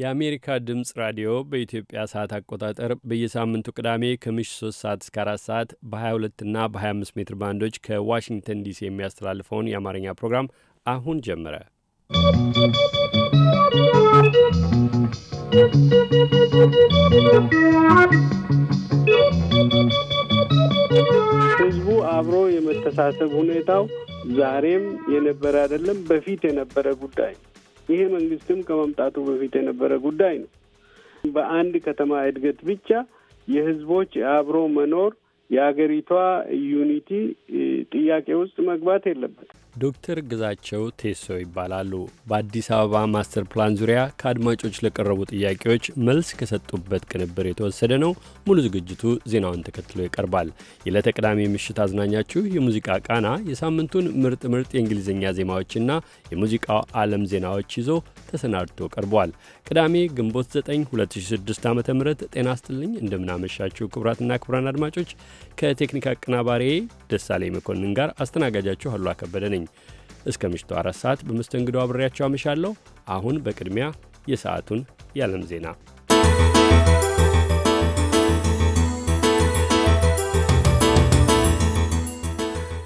የአሜሪካ ድምፅ ራዲዮ በኢትዮጵያ ሰዓት አቆጣጠር በየሳምንቱ ቅዳሜ ከምሽ 3 ሰዓት እስከ 4 ሰዓት በ22 እና በ25 ሜትር ባንዶች ከዋሽንግተን ዲሲ የሚያስተላልፈውን የአማርኛ ፕሮግራም አሁን ጀመረ። ህዝቡ አብሮ የመተሳሰብ ሁኔታው ዛሬም የነበረ አይደለም፣ በፊት የነበረ ጉዳይ ነው። ይሄ መንግስትም ከመምጣቱ በፊት የነበረ ጉዳይ ነው። በአንድ ከተማ እድገት ብቻ የህዝቦች አብሮ መኖር የሀገሪቷ ዩኒቲ ጥያቄ ውስጥ መግባት የለበት። ዶክተር ግዛቸው ቴሶ ይባላሉ። በአዲስ አበባ ማስተር ፕላን ዙሪያ ከአድማጮች ለቀረቡ ጥያቄዎች መልስ ከሰጡበት ቅንብር የተወሰደ ነው። ሙሉ ዝግጅቱ ዜናውን ተከትሎ ይቀርባል። የዕለተ ቅዳሜ ምሽት አዝናኛችሁ የሙዚቃ ቃና የሳምንቱን ምርጥ ምርጥ የእንግሊዝኛ ዜማዎችና የሙዚቃው ዓለም ዜናዎች ይዞ ተሰናድቶ ቀርቧል። ቅዳሜ ግንቦት 9 2006 ዓ ም ጤና ስጥልኝ። እንደምናመሻችሁ ክቡራትና ክቡራን አድማጮች ከቴክኒክ አቀናባሪ ደሳሌ መኮንን ጋር አስተናጋጃችሁ አሉ ከበደ ነኝ። ነኝ። እስከ ምሽቱ አራት ሰዓት በመስተንግዶ አብሬያቸው አመሻለሁ። አሁን በቅድሚያ የሰዓቱን የዓለም ዜና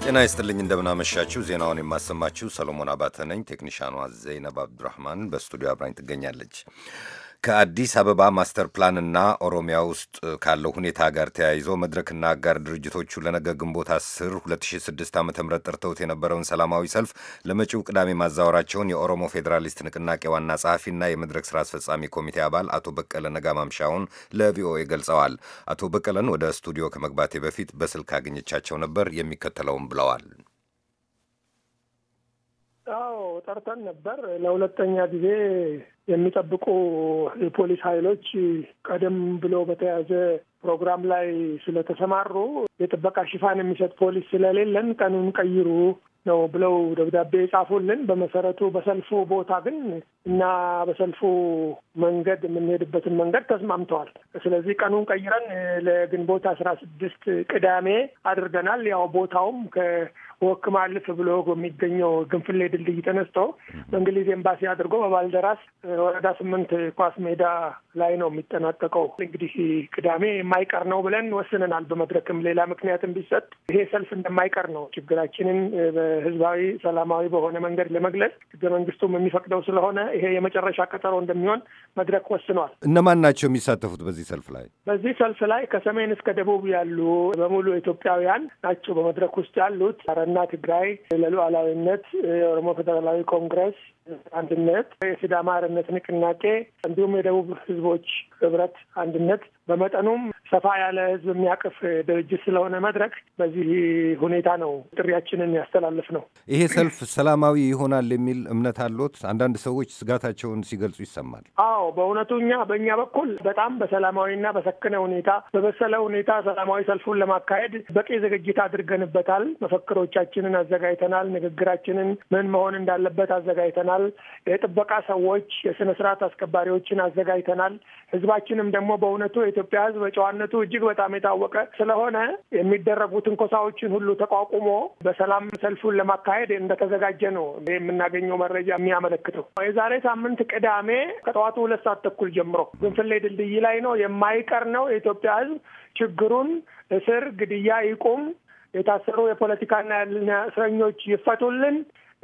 ጤና ይስጥልኝ። እንደምናመሻችሁ። ዜናውን የማሰማችሁ ሰሎሞን አባተ ነኝ። ቴክኒሻኗ ዘይነብ አብዱራህማን በስቱዲዮ አብራኝ ትገኛለች። ከአዲስ አበባ ማስተር ፕላንና ኦሮሚያ ውስጥ ካለው ሁኔታ ጋር ተያይዞ መድረክና አጋር ድርጅቶቹ ለነገ ግንቦት 10 2006 ዓ ም ጠርተውት የነበረውን ሰላማዊ ሰልፍ ለመጪው ቅዳሜ ማዛወራቸውን የኦሮሞ ፌዴራሊስት ንቅናቄ ዋና ጸሐፊና የመድረክ ስራ አስፈጻሚ ኮሚቴ አባል አቶ በቀለ ነጋ ማምሻውን ለቪኦኤ ገልጸዋል። አቶ በቀለን ወደ ስቱዲዮ ከመግባቴ በፊት በስልክ አግኝቻቸው ነበር። የሚከተለውም ብለዋል። አዎ ጠርተን ነበር። ለሁለተኛ ጊዜ የሚጠብቁ የፖሊስ ኃይሎች ቀደም ብሎ በተያዘ ፕሮግራም ላይ ስለተሰማሩ የጥበቃ ሽፋን የሚሰጥ ፖሊስ ስለሌለን ቀኑን ቀይሩ ነው ብለው ደብዳቤ የጻፉልን። በመሰረቱ በሰልፉ ቦታ ግን እና በሰልፉ መንገድ የምንሄድበትን መንገድ ተስማምተዋል። ስለዚህ ቀኑን ቀይረን ለግንቦት አስራ ስድስት ቅዳሜ አድርገናል። ያው ቦታውም ወክም አልፍ ብሎ የሚገኘው ግንፍሌ ድልድይ ተነስቶ በእንግሊዝ ኤምባሲ አድርጎ በባልደራስ ወረዳ ስምንት ኳስ ሜዳ ላይ ነው የሚጠናቀቀው። እንግዲህ ቅዳሜ የማይቀር ነው ብለን ወስነናል። በመድረክም ሌላ ምክንያትም ቢሰጥ ይሄ ሰልፍ እንደማይቀር ነው። ችግራችንን በህዝባዊ ሰላማዊ በሆነ መንገድ ለመግለጽ ህገ መንግስቱም የሚፈቅደው ስለሆነ ይሄ የመጨረሻ ቀጠሮ እንደሚሆን መድረክ ወስኗል። እነማን ናቸው የሚሳተፉት በዚህ ሰልፍ ላይ? በዚህ ሰልፍ ላይ ከሰሜን እስከ ደቡብ ያሉ በሙሉ ኢትዮጵያውያን ናቸው በመድረክ ውስጥ ያሉት ና ትግራይ ለሉዓላዊነት፣ የኦሮሞ ፌደራላዊ ኮንግረስ አንድነት፣ የሲዳማ አርነት ንቅናቄ እንዲሁም የደቡብ ህዝቦች ህብረት አንድነት በመጠኑም ሰፋ ያለ ህዝብ የሚያቅፍ ድርጅት ስለሆነ መድረክ በዚህ ሁኔታ ነው ጥሪያችንን ያስተላልፍ ነው። ይሄ ሰልፍ ሰላማዊ ይሆናል የሚል እምነት አሎት? አንዳንድ ሰዎች ስጋታቸውን ሲገልጹ ይሰማል። አዎ፣ በእውነቱ እኛ በእኛ በኩል በጣም በሰላማዊና በሰከነ ሁኔታ በበሰለ ሁኔታ ሰላማዊ ሰልፉን ለማካሄድ በቂ ዝግጅት አድርገንበታል። መፈክሮቻችንን አዘጋጅተናል። ንግግራችንን ምን መሆን እንዳለበት አዘጋጅተናል። የጥበቃ ሰዎች፣ የስነ ስርዓት አስከባሪዎችን አዘጋጅተናል። ህዝባችንም ደግሞ በእውነቱ የኢትዮጵያ ህዝብ በጨዋነቱ እጅግ በጣም የታወቀ ስለሆነ የሚደረጉ ትንኮሳዎችን ሁሉ ተቋቁሞ በሰላም ሰልፉን ለማካሄድ እንደተዘጋጀ ነው የምናገኘው መረጃ የሚያመለክተው። የዛሬ ሳምንት ቅዳሜ ከጠዋቱ ሁለት ሰዓት ተኩል ጀምሮ ግንፍሌ ድልድይ ላይ ነው። የማይቀር ነው። የኢትዮጵያ ህዝብ ችግሩን እስር፣ ግድያ ይቁም፣ የታሰሩ የፖለቲካና እስረኞች ይፈቱልን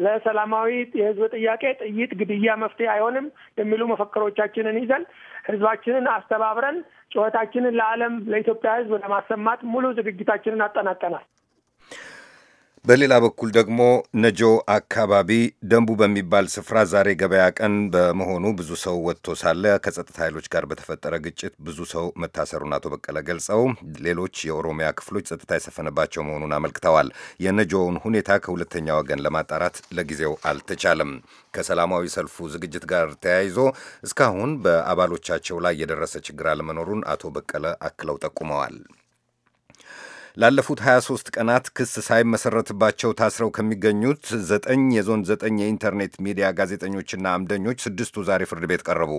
ለሰላማዊ የህዝብ ጥያቄ ጥይት ግድያ መፍትሄ አይሆንም የሚሉ መፈክሮቻችንን ይዘን ህዝባችንን አስተባብረን ጩኸታችንን ለዓለም ለኢትዮጵያ ህዝብ ለማሰማት ሙሉ ዝግጅታችንን አጠናቀናል። በሌላ በኩል ደግሞ ነጆ አካባቢ ደንቡ በሚባል ስፍራ ዛሬ ገበያ ቀን በመሆኑ ብዙ ሰው ወጥቶ ሳለ ከጸጥታ ኃይሎች ጋር በተፈጠረ ግጭት ብዙ ሰው መታሰሩን አቶ በቀለ ገልጸው ሌሎች የኦሮሚያ ክፍሎች ጸጥታ የሰፈነባቸው መሆኑን አመልክተዋል። የነጆውን ሁኔታ ከሁለተኛ ወገን ለማጣራት ለጊዜው አልተቻለም። ከሰላማዊ ሰልፉ ዝግጅት ጋር ተያይዞ እስካሁን በአባሎቻቸው ላይ የደረሰ ችግር አለመኖሩን አቶ በቀለ አክለው ጠቁመዋል። ላለፉት 23 ቀናት ክስ ሳይመሰረትባቸው ታስረው ከሚገኙት ዘጠኝ የዞን ዘጠኝ የኢንተርኔት ሚዲያ ጋዜጠኞችና አምደኞች ስድስቱ ዛሬ ፍርድ ቤት ቀረቡ።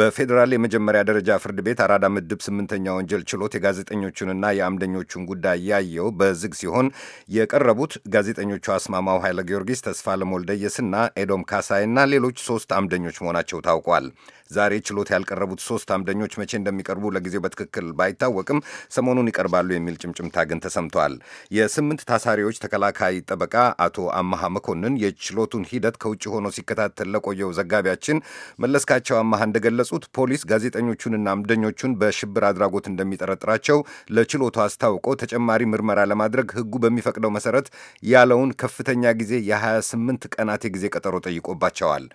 በፌዴራል የመጀመሪያ ደረጃ ፍርድ ቤት አራዳ ምድብ ስምንተኛ ወንጀል ችሎት የጋዜጠኞቹንና የአምደኞቹን ጉዳይ ያየው በዝግ ሲሆን የቀረቡት ጋዜጠኞቹ አስማማው ኃይለ ጊዮርጊስ፣ ተስፋለም ወልደየስና ኤዶም ካሳይና ሌሎች ሶስት አምደኞች መሆናቸው ታውቋል። ዛሬ ችሎት ያልቀረቡት ሶስት አምደኞች መቼ እንደሚቀርቡ ለጊዜው በትክክል ባይታወቅም ሰሞኑን ይቀርባሉ የሚል ጭምጭምታ ቅሬታ ግን ተሰምቷል። የስምንት ታሳሪዎች ተከላካይ ጠበቃ አቶ አመሃ መኮንን የችሎቱን ሂደት ከውጭ ሆኖ ሲከታተል ለቆየው ዘጋቢያችን መለስካቸው አመሃ እንደገለጹት ፖሊስ ጋዜጠኞቹንና አምደኞቹን በሽብር አድራጎት እንደሚጠረጥራቸው ለችሎቱ አስታውቆ ተጨማሪ ምርመራ ለማድረግ ሕጉ በሚፈቅደው መሰረት ያለውን ከፍተኛ ጊዜ የ28 ቀናት የጊዜ ቀጠሮ ጠይቆባቸዋል።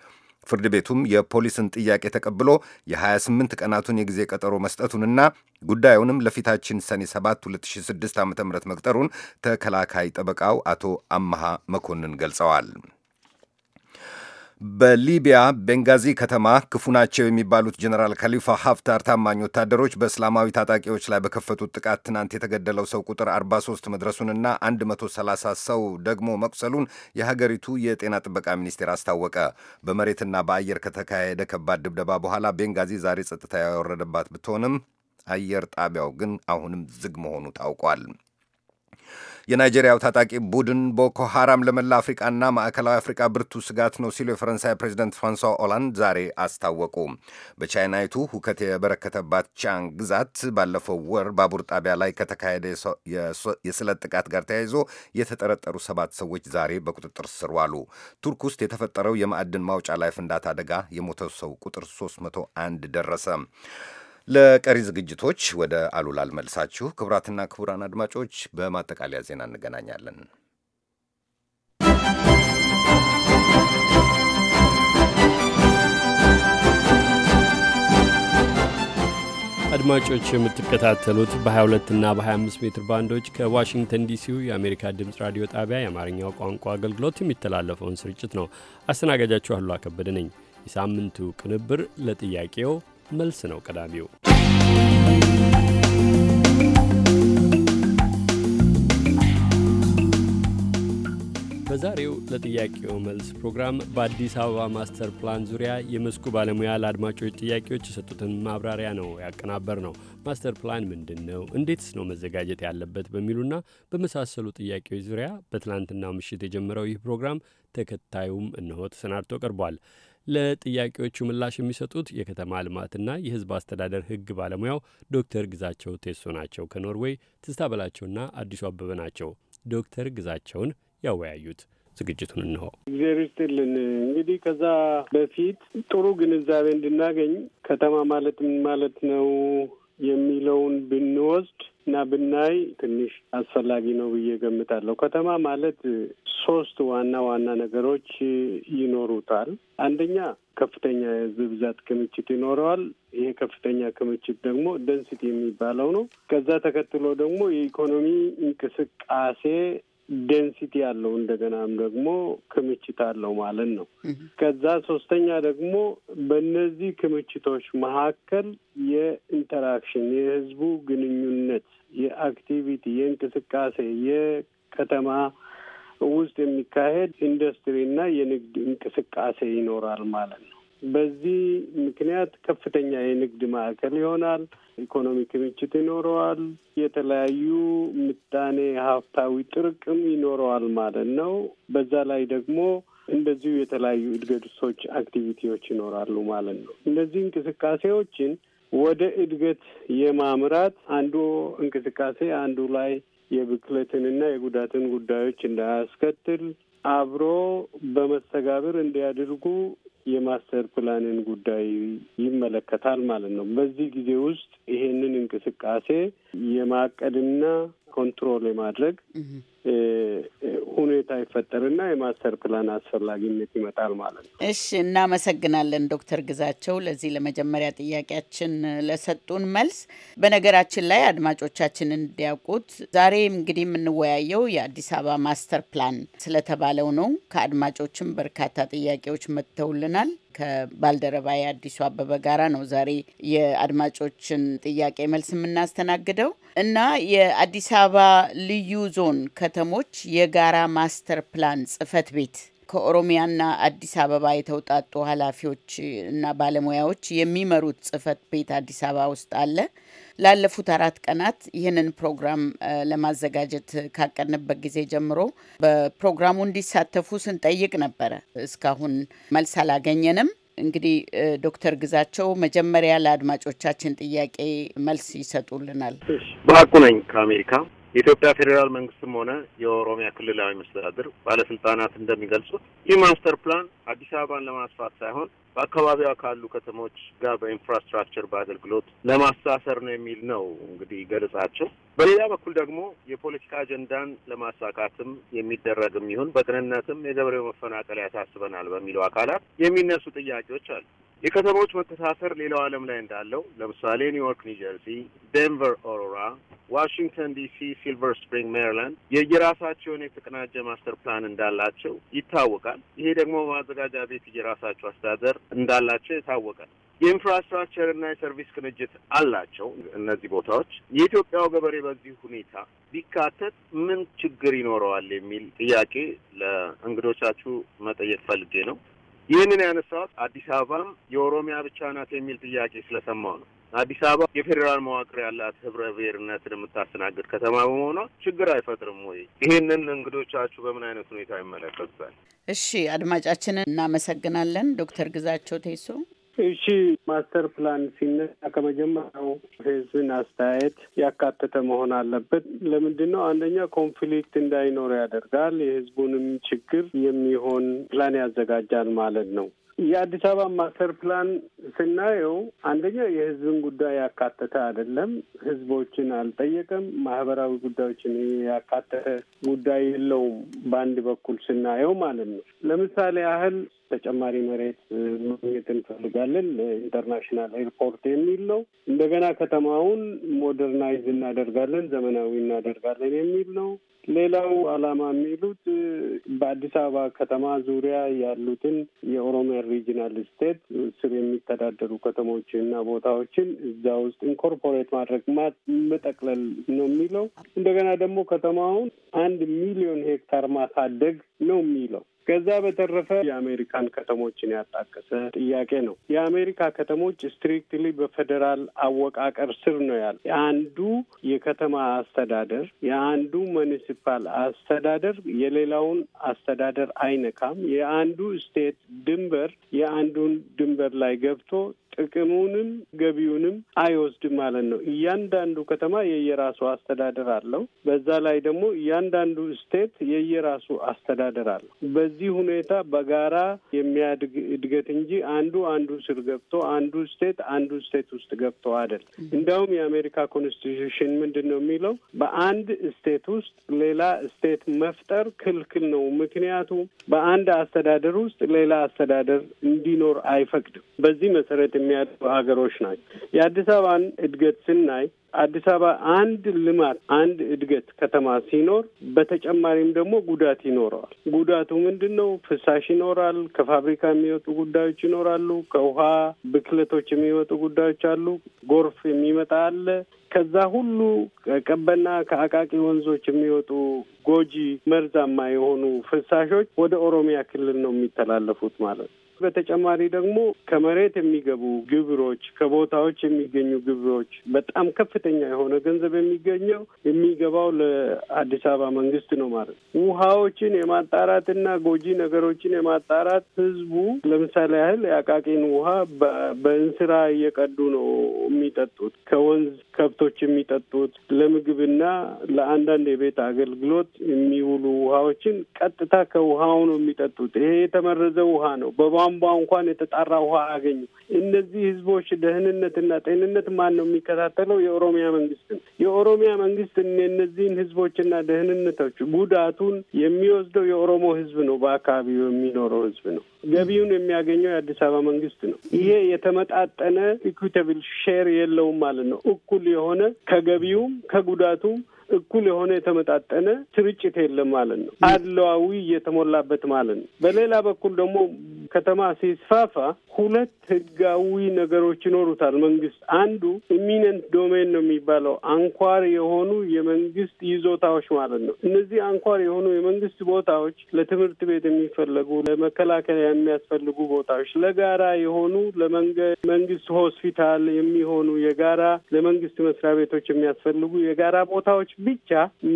ፍርድ ቤቱም የፖሊስን ጥያቄ ተቀብሎ የ28 ቀናቱን የጊዜ ቀጠሮ መስጠቱንና ጉዳዩንም ለፊታችን ሰኔ 7 2006 ዓ ም መቅጠሩን ተከላካይ ጠበቃው አቶ አመሃ መኮንን ገልጸዋል። በሊቢያ ቤንጋዚ ከተማ ክፉ ናቸው የሚባሉት ጀኔራል ካሊፋ ሀፍታር ታማኝ ወታደሮች በእስላማዊ ታጣቂዎች ላይ በከፈቱት ጥቃት ትናንት የተገደለው ሰው ቁጥር 43 መድረሱንና 130 ሰው ደግሞ መቁሰሉን የሀገሪቱ የጤና ጥበቃ ሚኒስቴር አስታወቀ። በመሬትና በአየር ከተካሄደ ከባድ ድብደባ በኋላ ቤንጋዚ ዛሬ ጸጥታ ያወረደባት ብትሆንም አየር ጣቢያው ግን አሁንም ዝግ መሆኑ ታውቋል። የናይጄሪያው ታጣቂ ቡድን ቦኮ ሃራም ለመላ አፍሪቃና ማዕከላዊ አፍሪቃ ብርቱ ስጋት ነው ሲሉ የፈረንሳይ ፕሬዚደንት ፍራንሷ ኦላንድ ዛሬ አስታወቁ። በቻይናይቱ ሁከት የበረከተባት ቻንግ ግዛት ባለፈው ወር ባቡር ጣቢያ ላይ ከተካሄደ የስለት ጥቃት ጋር ተያይዞ የተጠረጠሩ ሰባት ሰዎች ዛሬ በቁጥጥር ስር ዋሉ። ቱርክ ውስጥ የተፈጠረው የማዕድን ማውጫ ላይ ፍንዳታ አደጋ የሞተው ሰው ቁጥር 301 ደረሰ። ለቀሪ ዝግጅቶች ወደ አሉላ አልመልሳችሁ። ክቡራትና ክቡራን አድማጮች በማጠቃለያ ዜና እንገናኛለን። አድማጮች የምትከታተሉት በ 22 እና በ25 ሜትር ባንዶች ከዋሽንግተን ዲሲው የአሜሪካ ድምፅ ራዲዮ ጣቢያ የአማርኛው ቋንቋ አገልግሎት የሚተላለፈውን ስርጭት ነው። አስተናጋጃችሁ አሉላ ከበደ ነኝ። የሳምንቱ ቅንብር ለጥያቄው መልስ ነው ቀዳሚው። በዛሬው ለጥያቄው መልስ ፕሮግራም በአዲስ አበባ ማስተር ፕላን ዙሪያ የመስኩ ባለሙያ ለአድማጮች ጥያቄዎች የሰጡትን ማብራሪያ ነው ያቀናበር ነው። ማስተር ፕላን ምንድን ነው? እንዴትስ ነው መዘጋጀት ያለበት? በሚሉና በመሳሰሉ ጥያቄዎች ዙሪያ በትላንትናው ምሽት የጀመረው ይህ ፕሮግራም ተከታዩም እነሆ ተሰናድቶ ቀርቧል። ለጥያቄዎቹ ምላሽ የሚሰጡት የከተማ ልማትና የሕዝብ አስተዳደር ሕግ ባለሙያው ዶክተር ግዛቸው ቴሶ ናቸው። ከኖርዌይ ትስታ በላቸውና አዲሱ አበበ ናቸው። ዶክተር ግዛቸውን ያወያዩት። ዝግጅቱን እንሆ። እግዚአብሔር ይስጥልን። እንግዲህ ከዛ በፊት ጥሩ ግንዛቤ እንድናገኝ ከተማ ማለት ምን ማለት ነው የሚለውን ብንወስድ እና ብናይ ትንሽ አስፈላጊ ነው ብዬ ገምታለሁ። ከተማ ማለት ሶስት ዋና ዋና ነገሮች ይኖሩታል። አንደኛ ከፍተኛ የህዝብ ብዛት ክምችት ይኖረዋል። ይሄ ከፍተኛ ክምችት ደግሞ ደንስቲ የሚባለው ነው። ከዛ ተከትሎ ደግሞ የኢኮኖሚ እንቅስቃሴ ዴንሲቲ ያለው እንደገናም ደግሞ ክምችት አለው ማለት ነው። ከዛ ሶስተኛ ደግሞ በእነዚህ ክምችቶች መካከል የኢንተራክሽን የህዝቡ ግንኙነት፣ የአክቲቪቲ፣ የእንቅስቃሴ የከተማ ውስጥ የሚካሄድ እና የንግድ እንቅስቃሴ ይኖራል ማለት ነው። በዚህ ምክንያት ከፍተኛ የንግድ ማዕከል ይሆናል። ኢኮኖሚ ክምችት ይኖረዋል። የተለያዩ ምጣኔ ሀብታዊ ጥርቅም ይኖረዋል ማለት ነው። በዛ ላይ ደግሞ እንደዚሁ የተለያዩ እድገቶች፣ አክቲቪቲዎች ይኖራሉ ማለት ነው። እነዚህ እንቅስቃሴዎችን ወደ እድገት የማምራት አንዱ እንቅስቃሴ አንዱ ላይ የብክለትንና የጉዳትን ጉዳዮች እንዳያስከትል አብሮ በመስተጋብር እንዲያደርጉ የማስተር ፕላንን ጉዳይ ይመለከታል ማለት ነው። በዚህ ጊዜ ውስጥ ይሄንን እንቅስቃሴ የማቀድና ኮንትሮል የማድረግ ሁኔታ ይፈጠርና የማስተር ፕላን አስፈላጊነት ይመጣል ማለት ነው። እሺ፣ እናመሰግናለን ዶክተር ግዛቸው ለዚህ ለመጀመሪያ ጥያቄያችን ለሰጡን መልስ። በነገራችን ላይ አድማጮቻችን እንዲያውቁት ዛሬ እንግዲህ የምንወያየው የአዲስ አበባ ማስተር ፕላን ስለተባለው ነው። ከአድማጮችም በርካታ ጥያቄዎች መጥተውልናል። ከባልደረባ የአዲሱ አበበ ጋራ ነው ዛሬ የአድማጮችን ጥያቄ መልስ የምናስተናግደው እና የአዲስ አበባ ልዩ ዞን ከተሞች የጋራ ማስተር ፕላን ጽህፈት ቤት ከኦሮሚያና አዲስ አበባ የተውጣጡ ኃላፊዎች እና ባለሙያዎች የሚመሩት ጽህፈት ቤት አዲስ አበባ ውስጥ አለ። ላለፉት አራት ቀናት ይህንን ፕሮግራም ለማዘጋጀት ካቀንበት ጊዜ ጀምሮ በፕሮግራሙ እንዲሳተፉ ስንጠይቅ ነበረ። እስካሁን መልስ አላገኘንም። እንግዲህ ዶክተር ግዛቸው መጀመሪያ ለአድማጮቻችን ጥያቄ መልስ ይሰጡልናል። በአቁ ነኝ ከአሜሪካ የኢትዮጵያ ፌዴራል መንግስትም ሆነ የኦሮሚያ ክልላዊ መስተዳድር ባለስልጣናት እንደሚገልጹት ይህ ማስተር ፕላን አዲስ አበባን ለማስፋት ሳይሆን በአካባቢዋ ካሉ ከተሞች ጋር በኢንፍራስትራክቸር በአገልግሎት ለማሳሰር ነው የሚል ነው እንግዲህ ገለጻቸው። በሌላ በኩል ደግሞ የፖለቲካ አጀንዳን ለማሳካትም የሚደረግም ይሁን በቅንነትም የገበሬው መፈናቀል ያሳስበናል በሚለው አካላት የሚነሱ ጥያቄዎች አሉ። የከተሞች መተሳሰር ሌላው ዓለም ላይ እንዳለው ለምሳሌ ኒውዮርክ፣ ኒውጀርሲ፣ ዴንቨር፣ ኦሮራ፣ ዋሽንግተን ዲሲ፣ ሲልቨር ስፕሪንግ ሜሪላንድ የየራሳቸውን የተቀናጀ ማስተር ፕላን እንዳላቸው ይታወቃል። ይሄ ደግሞ ማዘጋጃ ቤት የራሳቸው አስተዳደር እንዳላቸው ይታወቃል። የኢንፍራስትራክቸር እና የሰርቪስ ቅንጅት አላቸው እነዚህ ቦታዎች። የኢትዮጵያው ገበሬ በዚህ ሁኔታ ቢካተት ምን ችግር ይኖረዋል የሚል ጥያቄ ለእንግዶቻችሁ መጠየቅ ፈልጌ ነው። ይህንን ያነሳሁት አዲስ አበባም የኦሮሚያ ብቻ ናት የሚል ጥያቄ ስለሰማው ነው። አዲስ አበባ የፌዴራል መዋቅር ያላት ህብረ ብሔርነትን የምታስተናግድ ከተማ በመሆኗ ችግር አይፈጥርም ወይ? ይህንን እንግዶቻችሁ በምን አይነት ሁኔታ ይመለከቱታል? እሺ፣ አድማጫችንን እናመሰግናለን። ዶክተር ግዛቸው ቴሶ እሺ ማስተር ፕላን ሲነሳ ከመጀመሪያው ህዝብን አስተያየት ያካተተ መሆን አለበት። ለምንድን ነው? አንደኛ ኮንፍሊክት እንዳይኖር ያደርጋል። የህዝቡንም ችግር የሚሆን ፕላን ያዘጋጃል ማለት ነው። የአዲስ አበባ ማስተር ፕላን ስናየው አንደኛ የህዝብን ጉዳይ ያካተተ አይደለም። ህዝቦችን አልጠየቀም። ማህበራዊ ጉዳዮችን ያካተተ ጉዳይ የለውም። በአንድ በኩል ስናየው ማለት ነው። ለምሳሌ ያህል ተጨማሪ መሬት ማግኘት እንፈልጋለን ለኢንተርናሽናል ኤርፖርት የሚል ነው። እንደገና ከተማውን ሞደርናይዝ እናደርጋለን፣ ዘመናዊ እናደርጋለን የሚል ነው። ሌላው ዓላማ የሚሉት በአዲስ አበባ ከተማ ዙሪያ ያሉትን የኦሮሚያ ሪጂናል ስቴት ስር የሚተዳደሩ ከተሞችንና ቦታዎችን እዛ ውስጥ ኢንኮርፖሬት ማድረግ መጠቅለል ነው የሚለው። እንደገና ደግሞ ከተማውን አንድ ሚሊዮን ሄክታር ማሳደግ ነው የሚለው። ከዛ በተረፈ የአሜሪካን ከተሞችን ያጣቀሰ ጥያቄ ነው። የአሜሪካ ከተሞች ስትሪክትሊ በፌዴራል አወቃቀር ስር ነው ያለ። የአንዱ የከተማ አስተዳደር የአንዱ ሙኒሲፓል አስተዳደር የሌላውን አስተዳደር አይነካም። የአንዱ ስቴት ድንበር የአንዱን ድንበር ላይ ገብቶ ጥቅሙንም ገቢውንም አይወስድም ማለት ነው። እያንዳንዱ ከተማ የየራሱ አስተዳደር አለው። በዛ ላይ ደግሞ እያንዳንዱ ስቴት የየራሱ አስተዳደር አለው። በዚህ ሁኔታ በጋራ የሚያድግ እድገት እንጂ አንዱ አንዱ ስር ገብቶ አንዱ ስቴት አንዱ ስቴት ውስጥ ገብቶ አይደል። እንዲያውም የአሜሪካ ኮንስቲቱሽን ምንድን ነው የሚለው በአንድ ስቴት ውስጥ ሌላ ስቴት መፍጠር ክልክል ነው። ምክንያቱም በአንድ አስተዳደር ውስጥ ሌላ አስተዳደር እንዲኖር አይፈቅድም። በዚህ መሰረት የሚያድጉ ሀገሮች ናቸው። የአዲስ አበባን እድገት ስናይ አዲስ አበባ አንድ ልማት አንድ እድገት ከተማ ሲኖር በተጨማሪም ደግሞ ጉዳት ይኖረዋል። ጉዳቱ ምንድን ነው? ፍሳሽ ይኖራል። ከፋብሪካ የሚወጡ ጉዳዮች ይኖራሉ። ከውሃ ብክለቶች የሚወጡ ጉዳዮች አሉ። ጎርፍ የሚመጣ አለ። ከዛ ሁሉ ከቀበና ከአቃቂ ወንዞች የሚወጡ ጎጂ መርዛማ የሆኑ ፍሳሾች ወደ ኦሮሚያ ክልል ነው የሚተላለፉት ማለት ነው። በተጨማሪ ደግሞ ከመሬት የሚገቡ ግብሮች፣ ከቦታዎች የሚገኙ ግብሮች በጣም ከፍተኛ የሆነ ገንዘብ የሚገኘው የሚገባው ለአዲስ አበባ መንግስት ነው ማለት ነው። ውሃዎችን የማጣራትና ጎጂ ነገሮችን የማጣራት ህዝቡ ለምሳሌ ያህል የአቃቂን ውሃ በእንስራ እየቀዱ ነው የሚጠጡት ከወንዝ ከብቶች የሚጠጡት ለምግብና ለአንዳንድ የቤት አገልግሎት የሚውሉ ውሃዎችን ቀጥታ ከውሃው ነው የሚጠጡት። ይሄ የተመረዘ ውሃ ነው በቧ ከቧንቧ እንኳን የተጣራ ውሃ አያገኙ። እነዚህ ህዝቦች ደህንነትና ጤንነት ማን ነው የሚከታተለው? የኦሮሚያ መንግስት ነው። የኦሮሚያ መንግስት እነዚህን ህዝቦችና ደህንነቶች ጉዳቱን የሚወስደው የኦሮሞ ህዝብ ነው። በአካባቢው የሚኖረው ህዝብ ነው። ገቢውን የሚያገኘው የአዲስ አበባ መንግስት ነው። ይሄ የተመጣጠነ ኢኩዊታብል ሼር የለውም ማለት ነው። እኩል የሆነ ከገቢውም ከጉዳቱም እኩል የሆነ የተመጣጠነ ስርጭት የለም ማለት ነው። አድለዋዊ እየተሞላበት ማለት ነው። በሌላ በኩል ደግሞ ከተማ ሲስፋፋ ሁለት ህጋዊ ነገሮች ይኖሩታል መንግስት። አንዱ ኢሚነንት ዶሜን ነው የሚባለው አንኳር የሆኑ የመንግስት ይዞታዎች ማለት ነው። እነዚህ አንኳር የሆኑ የመንግስት ቦታዎች ለትምህርት ቤት የሚፈለጉ፣ ለመከላከያ የሚያስፈልጉ ቦታዎች፣ ለጋራ የሆኑ ለመንገድ፣ መንግስት ሆስፒታል የሚሆኑ የጋራ ለመንግስት መስሪያ ቤቶች የሚያስፈልጉ የጋራ ቦታዎች ብቻ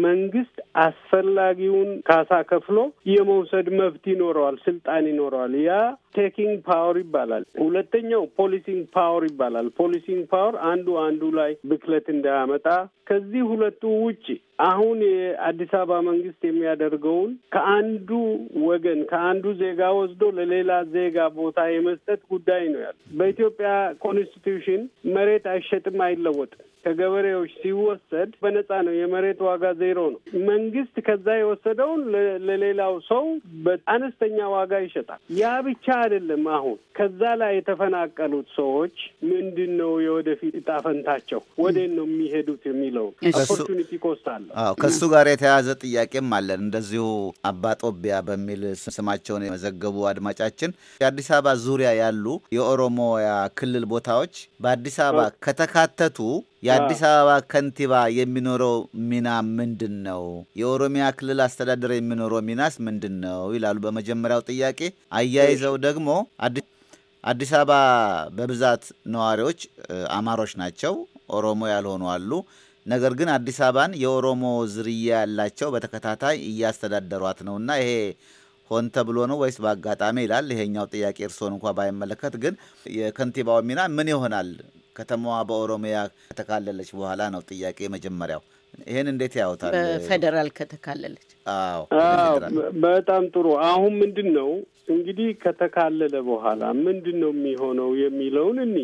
መንግስት አስፈላጊውን ካሳ ከፍሎ የመውሰድ መብት ይኖረዋል፣ ስልጣን ይኖረዋል። ያ ቴኪንግ ፓወር ይባላል። ሁለተኛው ፖሊሲንግ ፓወር ይባላል። ፖሊሲንግ ፓወር አንዱ አንዱ ላይ ብክለት እንዳያመጣ ከዚህ ሁለቱ ውጭ አሁን የአዲስ አበባ መንግስት የሚያደርገውን ከአንዱ ወገን ከአንዱ ዜጋ ወስዶ ለሌላ ዜጋ ቦታ የመስጠት ጉዳይ ነው ያለ። በኢትዮጵያ ኮንስቲትዩሽን መሬት አይሸጥም አይለወጥም። ከገበሬዎች ሲወሰድ በነፃ ነው። የመሬት ዋጋ ዜሮ ነው። መንግስት ከዛ የወሰደውን ለሌላው ሰው በአነስተኛ ዋጋ ይሸጣል። ያ ብቻ አይደለም። አሁን ከዛ ላይ የተፈናቀሉት ሰዎች ምንድን ነው የወደፊት እጣ ፈንታቸው፣ ነው የሚሄዱት የሚለው ኦፖርቹኒቲ ኮስት አለ። ከእሱ ጋር የተያያዘ ጥያቄም አለን። እንደዚሁ አባጦቢያ በሚል ስማቸውን የመዘገቡ አድማጫችን የአዲስ አበባ ዙሪያ ያሉ የኦሮሞያ ክልል ቦታዎች በአዲስ አበባ ከተካተቱ የአዲስ አበባ ከንቲባ የሚኖረው ሚና ምንድን ነው? የኦሮሚያ ክልል አስተዳደር የሚኖረው ሚናስ ምንድን ነው? ይላሉ በመጀመሪያው ጥያቄ። አያይዘው ደግሞ አዲስ አበባ በብዛት ነዋሪዎች አማሮች ናቸው፣ ኦሮሞ ያልሆኑ አሉ። ነገር ግን አዲስ አበባን የኦሮሞ ዝርያ ያላቸው በተከታታይ እያስተዳደሯት እና ይሄ ሆን ተብሎ ነው ወይስ በአጋጣሚ ይላል። ይሄኛው ጥያቄ እርስዎን እንኳ ባይመለከት ግን የከንቲባው ሚና ምን ይሆናል ከተማዋ በኦሮሚያ ከተካለለች በኋላ ነው ጥያቄ መጀመሪያው። ይህን እንዴት ያወታል? በፌዴራል ከተካለለች። አዎ በጣም ጥሩ። አሁን ምንድን ነው እንግዲህ ከተካለለ በኋላ ምንድን ነው የሚሆነው የሚለውን እኒ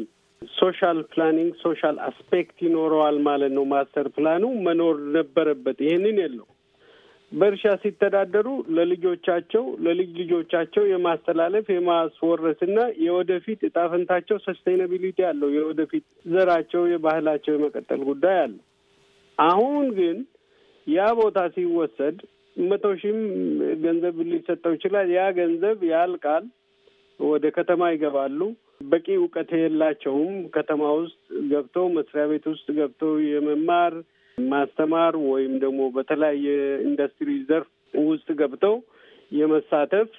ሶሻል ፕላኒንግ ሶሻል አስፔክት ይኖረዋል ማለት ነው። ማስተር ፕላኑ መኖር ነበረበት። ይህንን የለው በእርሻ ሲተዳደሩ ለልጆቻቸው ለልጅ ልጆቻቸው የማስተላለፍ የማስወረስና የወደፊት እጣፈንታቸው ሰስቴናቢሊቲ አለው። የወደፊት ዘራቸው የባህላቸው የመቀጠል ጉዳይ አለ። አሁን ግን ያ ቦታ ሲወሰድ መቶ ሺህም ገንዘብ ሊሰጠው ይችላል። ያ ገንዘብ ያልቃል። ወደ ከተማ ይገባሉ። በቂ እውቀት የላቸውም። ከተማ ውስጥ ገብተው መስሪያ ቤት ውስጥ ገብተው የመማር ማስተማር ወይም ደግሞ በተለያየ ኢንዱስትሪ ዘርፍ ውስጥ ገብተው የመሳተፍ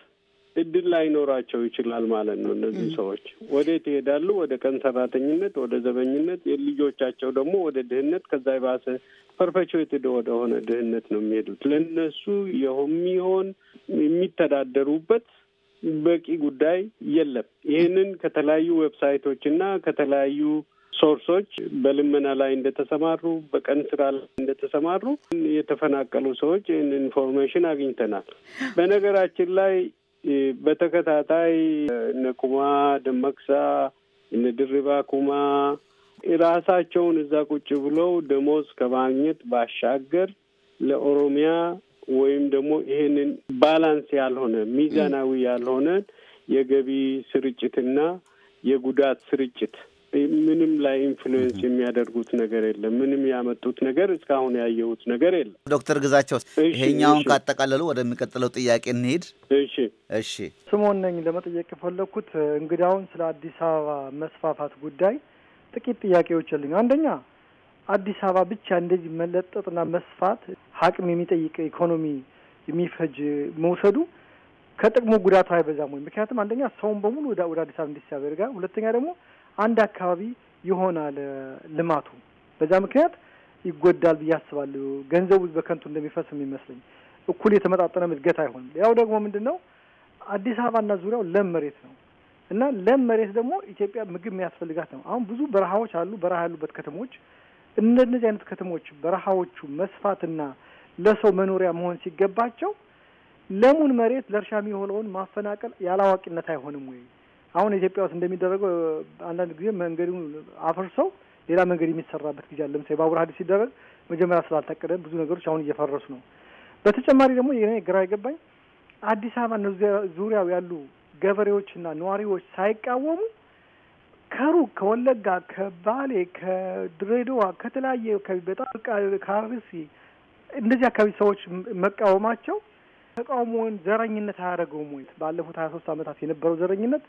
እድል ላይኖራቸው ይችላል ማለት ነው። እነዚህ ሰዎች ወዴት ይሄዳሉ? ወደ ቀን ሰራተኝነት፣ ወደ ዘበኝነት፣ የልጆቻቸው ደግሞ ወደ ድህነት፣ ከዛ የባሰ ፐርፌቹዌትድ ወደሆነ ድህነት ነው የሚሄዱት። ለነሱ የሚሆን የሚተዳደሩበት በቂ ጉዳይ የለም። ይህንን ከተለያዩ ዌብሳይቶች እና ከተለያዩ ሶርሶች በልመና ላይ እንደተሰማሩ፣ በቀን ስራ ላይ እንደተሰማሩ የተፈናቀሉ ሰዎች ኢንፎርሜሽን አግኝተናል። በነገራችን ላይ በተከታታይ እነ ኩማ ደመቅሳ፣ እነ ድሪባ ኩማ ራሳቸውን እዛ ቁጭ ብለው ደሞዝ ከማግኘት ባሻገር ለኦሮሚያ ወይም ደግሞ ይሄንን ባላንስ ያልሆነ ሚዛናዊ ያልሆነ የገቢ ስርጭትና የጉዳት ስርጭት ምንም ላይ ኢንፍሉዌንስ የሚያደርጉት ነገር የለም። ምንም ያመጡት ነገር እስካሁን ያየሁት ነገር የለም። ዶክተር ግዛቸው ይሄኛውን ካጠቃለሉ ወደሚቀጥለው ጥያቄ እንሄድ። እሺ፣ እሺ። ስሞን ነኝ። ለመጠየቅ የፈለግኩት እንግዳውን ስለ አዲስ አበባ መስፋፋት ጉዳይ ጥቂት ጥያቄዎች አሉኝ። አንደኛ አዲስ አበባ ብቻ እንደዚህ መለጠጥና መስፋት ሀቅም የሚጠይቅ ኢኮኖሚ የሚፈጅ መውሰዱ ከጥቅሙ ጉዳቱ አይበዛም ወይ? ምክንያቱም አንደኛ ሰውን በሙሉ ወደ አዲስ አበባ እንዲስ ያደርጋል፣ ሁለተኛ ደግሞ አንድ አካባቢ ይሆናል ልማቱ። በዛ ምክንያት ይጎዳል ብዬ አስባለሁ። ገንዘቡ በከንቱ እንደሚፈስ የሚመስለኝ እኩል የተመጣጠነ እድገት አይሆንም። ያው ደግሞ ምንድን ነው አዲስ አበባና ዙሪያው ለም መሬት ነው እና ለም መሬት ደግሞ ኢትዮጵያ ምግብ የሚያስፈልጋት ነው። አሁን ብዙ በረሃዎች አሉ። በረሃ ያሉበት ከተሞች እነዚህ አይነት ከተሞች በረሃዎቹ መስፋትና ለሰው መኖሪያ መሆን ሲገባቸው ለሙን መሬት ለእርሻ የሚሆነውን ማፈናቀል አዋቂነት አይሆንም ወይ? አሁን ኢትዮጵያ ውስጥ እንደሚደረገው አንዳንድ ጊዜ መንገዱን አፈርሰው ሌላ መንገድ የሚሰራበት ጊዜ አለ። ለምሳሌ ባቡር ሀዲስ ሲደረግ መጀመሪያ ስላልታቀደ ብዙ ነገሮች አሁን እየፈረሱ ነው። በተጨማሪ ደግሞ የኔ ግራ የገባኝ አዲስ አበባ ዙሪያው ያሉ ገበሬዎችና ነዋሪዎች ሳይቃወሙ ከሩቅ ከወለጋ፣ ከባሌ፣ ከድሬዳዋ፣ ከተለያየ በጣም ከአርሲ እንደዚህ አካባቢ ሰዎች መቃወማቸው ተቃውሞውን ዘረኝነት አያደርገውም ወይ? ባለፉት ሀያ ሶስት አመታት የነበረው ዘረኝነት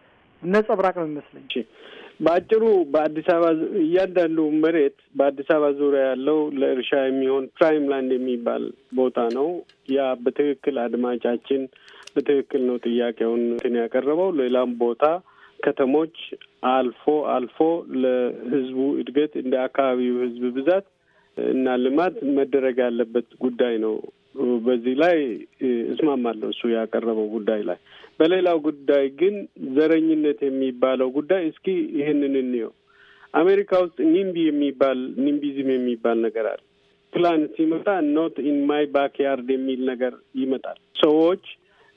ነጸብራቅ ነው የሚመስለኝ። በአጭሩ በአዲስ አበባ እያንዳንዱ መሬት በአዲስ አበባ ዙሪያ ያለው ለእርሻ የሚሆን ፕራይም ላንድ የሚባል ቦታ ነው። ያ በትክክል አድማጫችን በትክክል ነው ጥያቄውን እንትን ያቀረበው። ሌላም ቦታ ከተሞች አልፎ አልፎ ለህዝቡ እድገት እንደ አካባቢው ህዝብ ብዛት እና ልማት መደረግ ያለበት ጉዳይ ነው። በዚህ ላይ እስማማለሁ እሱ ያቀረበው ጉዳይ ላይ በሌላው ጉዳይ ግን ዘረኝነት የሚባለው ጉዳይ እስኪ ይህንን እንየው። አሜሪካ ውስጥ ኒምቢ የሚባል ኒምቢዝም የሚባል ነገር አለ። ፕላን ሲመጣ ኖት ኢን ማይ ባክያርድ የሚል ነገር ይመጣል። ሰዎች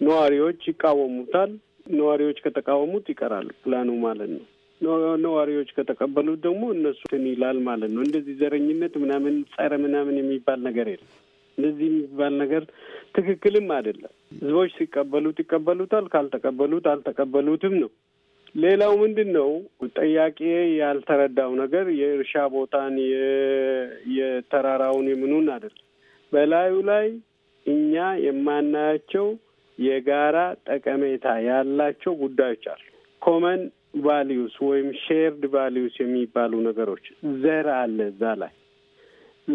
ነዋሪዎች ይቃወሙታል። ነዋሪዎች ከተቃወሙት ይቀራሉ ፕላኑ ማለት ነው። ነዋሪዎች ከተቀበሉት ደግሞ እነሱ እንትን ይላል ማለት ነው። እንደዚህ ዘረኝነት ምናምን ጸረ ምናምን የሚባል ነገር የለም። እንደዚህ የሚባል ነገር ትክክልም አይደለም። ህዝቦች ሲቀበሉት ይቀበሉታል፣ ካልተቀበሉት አልተቀበሉትም ነው። ሌላው ምንድን ነው ጥያቄ ያልተረዳው ነገር የእርሻ ቦታን የተራራውን የምኑን አይደለም። በላዩ ላይ እኛ የማናያቸው የጋራ ጠቀሜታ ያላቸው ጉዳዮች አሉ። ኮመን ቫሊዩስ ወይም ሼርድ ቫሊዩስ የሚባሉ ነገሮች ዘር አለ እዛ ላይ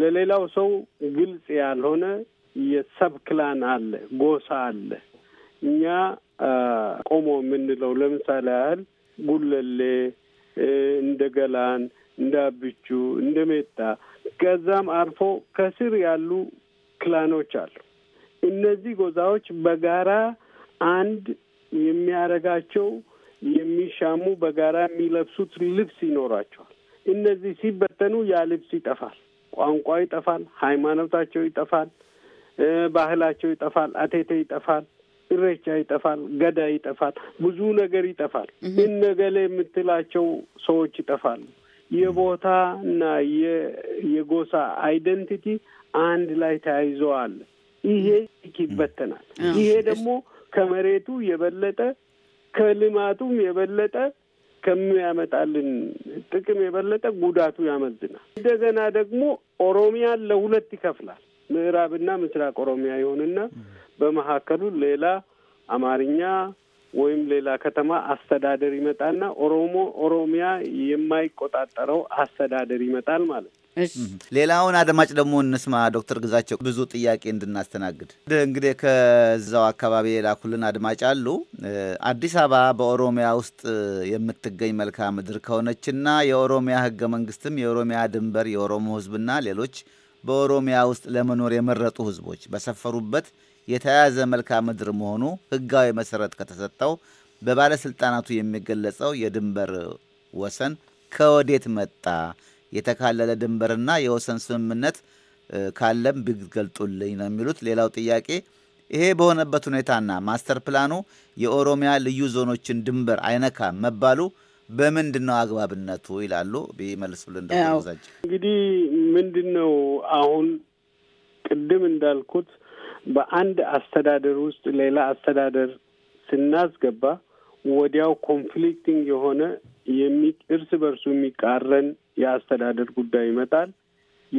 ለሌላው ሰው ግልጽ ያልሆነ የሰብ ክላን አለ፣ ጎሳ አለ። እኛ ቆሞ የምንለው ለምሳሌ ያህል ጉለሌ እንደ ገላን እንደ አብቹ እንደ ሜታ ከዛም አልፎ ከስር ያሉ ክላኖች አሉ። እነዚህ ጎዛዎች በጋራ አንድ የሚያደርጋቸው የሚሻሙ በጋራ የሚለብሱት ልብስ ይኖራቸዋል። እነዚህ ሲበተኑ ያ ልብስ ይጠፋል። ቋንቋ ይጠፋል፣ ሃይማኖታቸው ይጠፋል፣ ባህላቸው ይጠፋል፣ አቴቴ ይጠፋል፣ እሬቻ ይጠፋል፣ ገዳ ይጠፋል፣ ብዙ ነገር ይጠፋል። እነገሌ የምትላቸው ሰዎች ይጠፋሉ። የቦታና የጎሳ አይደንቲቲ አንድ ላይ ተያይዘዋል። ይሄ ይበተናል። ይሄ ደግሞ ከመሬቱ የበለጠ ከልማቱም የበለጠ ከሚያመጣልን ጥቅም የበለጠ ጉዳቱ ያመዝናል። እንደገና ደግሞ ኦሮሚያን ለሁለት ይከፍላል። ምዕራብና ምስራቅ ኦሮሚያ ይሆንና በመካከሉ ሌላ አማርኛ ወይም ሌላ ከተማ አስተዳደር ይመጣልና ኦሮሞ ኦሮሚያ የማይቆጣጠረው አስተዳደር ይመጣል ማለት ነው። ሌላውን አድማጭ ደግሞ እንስማ። ዶክተር ግዛቸው ብዙ ጥያቄ እንድናስተናግድ እንግዲህ ከዛው አካባቢ የላኩልን አድማጭ አሉ። አዲስ አበባ በኦሮሚያ ውስጥ የምትገኝ መልክዓ ምድር ከሆነችና የኦሮሚያ ህገ መንግስትም የኦሮሚያ ድንበር የኦሮሞ ህዝብና ሌሎች በኦሮሚያ ውስጥ ለመኖር የመረጡ ህዝቦች በሰፈሩበት የተያያዘ መልክዓ ምድር መሆኑ ህጋዊ መሰረት ከተሰጠው በባለስልጣናቱ የሚገለጸው የድንበር ወሰን ከወዴት መጣ? የተካለለ ድንበርና የወሰን ስምምነት ካለም ቢገልጡልኝ ነው የሚሉት። ሌላው ጥያቄ ይሄ በሆነበት ሁኔታና ማስተር ፕላኑ የኦሮሚያ ልዩ ዞኖችን ድንበር አይነካም መባሉ በምንድን ነው አግባብነቱ ይላሉ። ቢመልሱልን እንደዛጅ እንግዲህ ምንድን ነው አሁን ቅድም እንዳልኩት በአንድ አስተዳደር ውስጥ ሌላ አስተዳደር ስናስገባ ወዲያው ኮንፍሊክቲንግ የሆነ እርስ በርሱ የሚቃረን የአስተዳደር ጉዳይ ይመጣል፣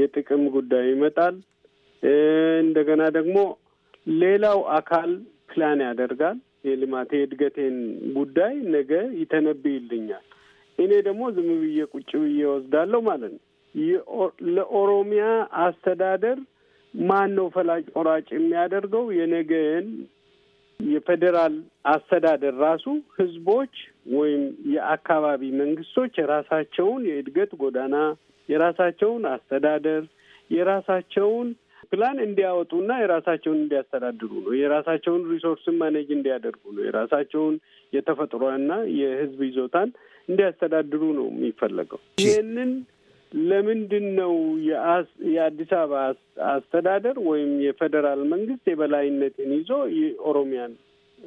የጥቅም ጉዳይ ይመጣል። እንደገና ደግሞ ሌላው አካል ፕላን ያደርጋል። የልማት የእድገቴን ጉዳይ ነገ ይተነብይልኛል። እኔ ደግሞ ዝም ብዬ ቁጭ ብዬ ወስዳለሁ ማለት ነው። ለኦሮሚያ አስተዳደር ማን ነው ፈላጭ ቆራጭ የሚያደርገው የነገን የፌዴራል አስተዳደር ራሱ ህዝቦች ወይም የአካባቢ መንግስቶች የራሳቸውን የእድገት ጎዳና፣ የራሳቸውን አስተዳደር፣ የራሳቸውን ፕላን እንዲያወጡና የራሳቸውን እንዲያስተዳድሩ ነው። የራሳቸውን ሪሶርስን ማኔጅ እንዲያደርጉ ነው። የራሳቸውን የተፈጥሮና የህዝብ ይዞታን እንዲያስተዳድሩ ነው የሚፈለገው። ይህንን ለምንድን ነው የአዲስ አበባ አስተዳደር ወይም የፌዴራል መንግስት የበላይነትን ይዞ የኦሮሚያን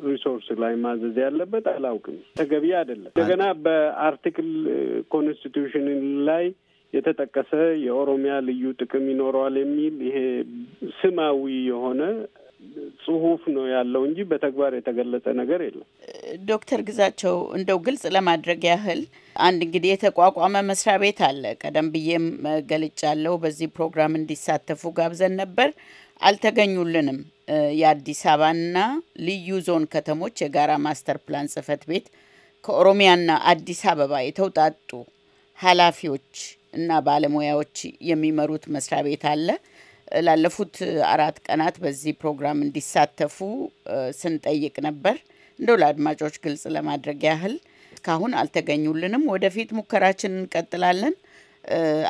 ሪሶርስ ላይ ማዘዝ ያለበት? አላውቅም። ተገቢ አይደለም። እንደገና በአርቲክል ኮንስቲቱሽን ላይ የተጠቀሰ የኦሮሚያ ልዩ ጥቅም ይኖረዋል የሚል ይሄ ስማዊ የሆነ ጽሁፍ ነው ያለው እንጂ በተግባር የተገለጸ ነገር የለም። ዶክተር ግዛቸው እንደው ግልጽ ለማድረግ ያህል አንድ እንግዲህ የተቋቋመ መስሪያ ቤት አለ። ቀደም ብዬም ገልጫለሁ። በዚህ ፕሮግራም እንዲሳተፉ ጋብዘን ነበር፣ አልተገኙልንም። የአዲስ አበባና ልዩ ዞን ከተሞች የጋራ ማስተር ፕላን ጽህፈት ቤት ከኦሮሚያና አዲስ አበባ የተውጣጡ ኃላፊዎች እና ባለሙያዎች የሚመሩት መስሪያ ቤት አለ። ላለፉት አራት ቀናት በዚህ ፕሮግራም እንዲሳተፉ ስንጠይቅ ነበር። እንደው ለአድማጮች ግልጽ ለማድረግ ያህል እስካሁን አልተገኙልንም። ወደፊት ሙከራችን እንቀጥላለን።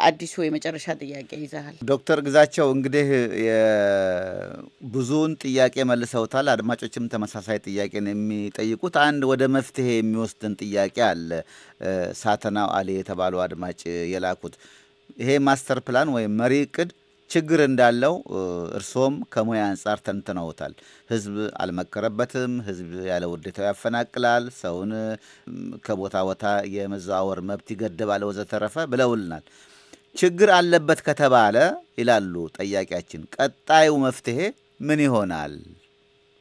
አዲሱ የመጨረሻ ጥያቄ ይዘሃል። ዶክተር ግዛቸው እንግዲህ ብዙውን ጥያቄ መልሰውታል። አድማጮችም ተመሳሳይ ጥያቄ የሚጠይቁት። አንድ ወደ መፍትሄ የሚወስድን ጥያቄ አለ። ሳተናው አሊ የተባሉ አድማጭ የላኩት ይሄ ማስተር ፕላን ወይም መሪ እቅድ ችግር እንዳለው እርሶም ከሙያ አንጻር ተንትነውታል። ህዝብ አልመከረበትም። ህዝብ ያለ ውዴታው ያፈናቅላል፣ ሰውን ከቦታ ቦታ የመዘዋወር መብት ይገድባል፣ ወዘተረፈ ብለውልናል። ችግር አለበት ከተባለ ይላሉ ጠያቂያችን፣ ቀጣዩ መፍትሄ ምን ይሆናል?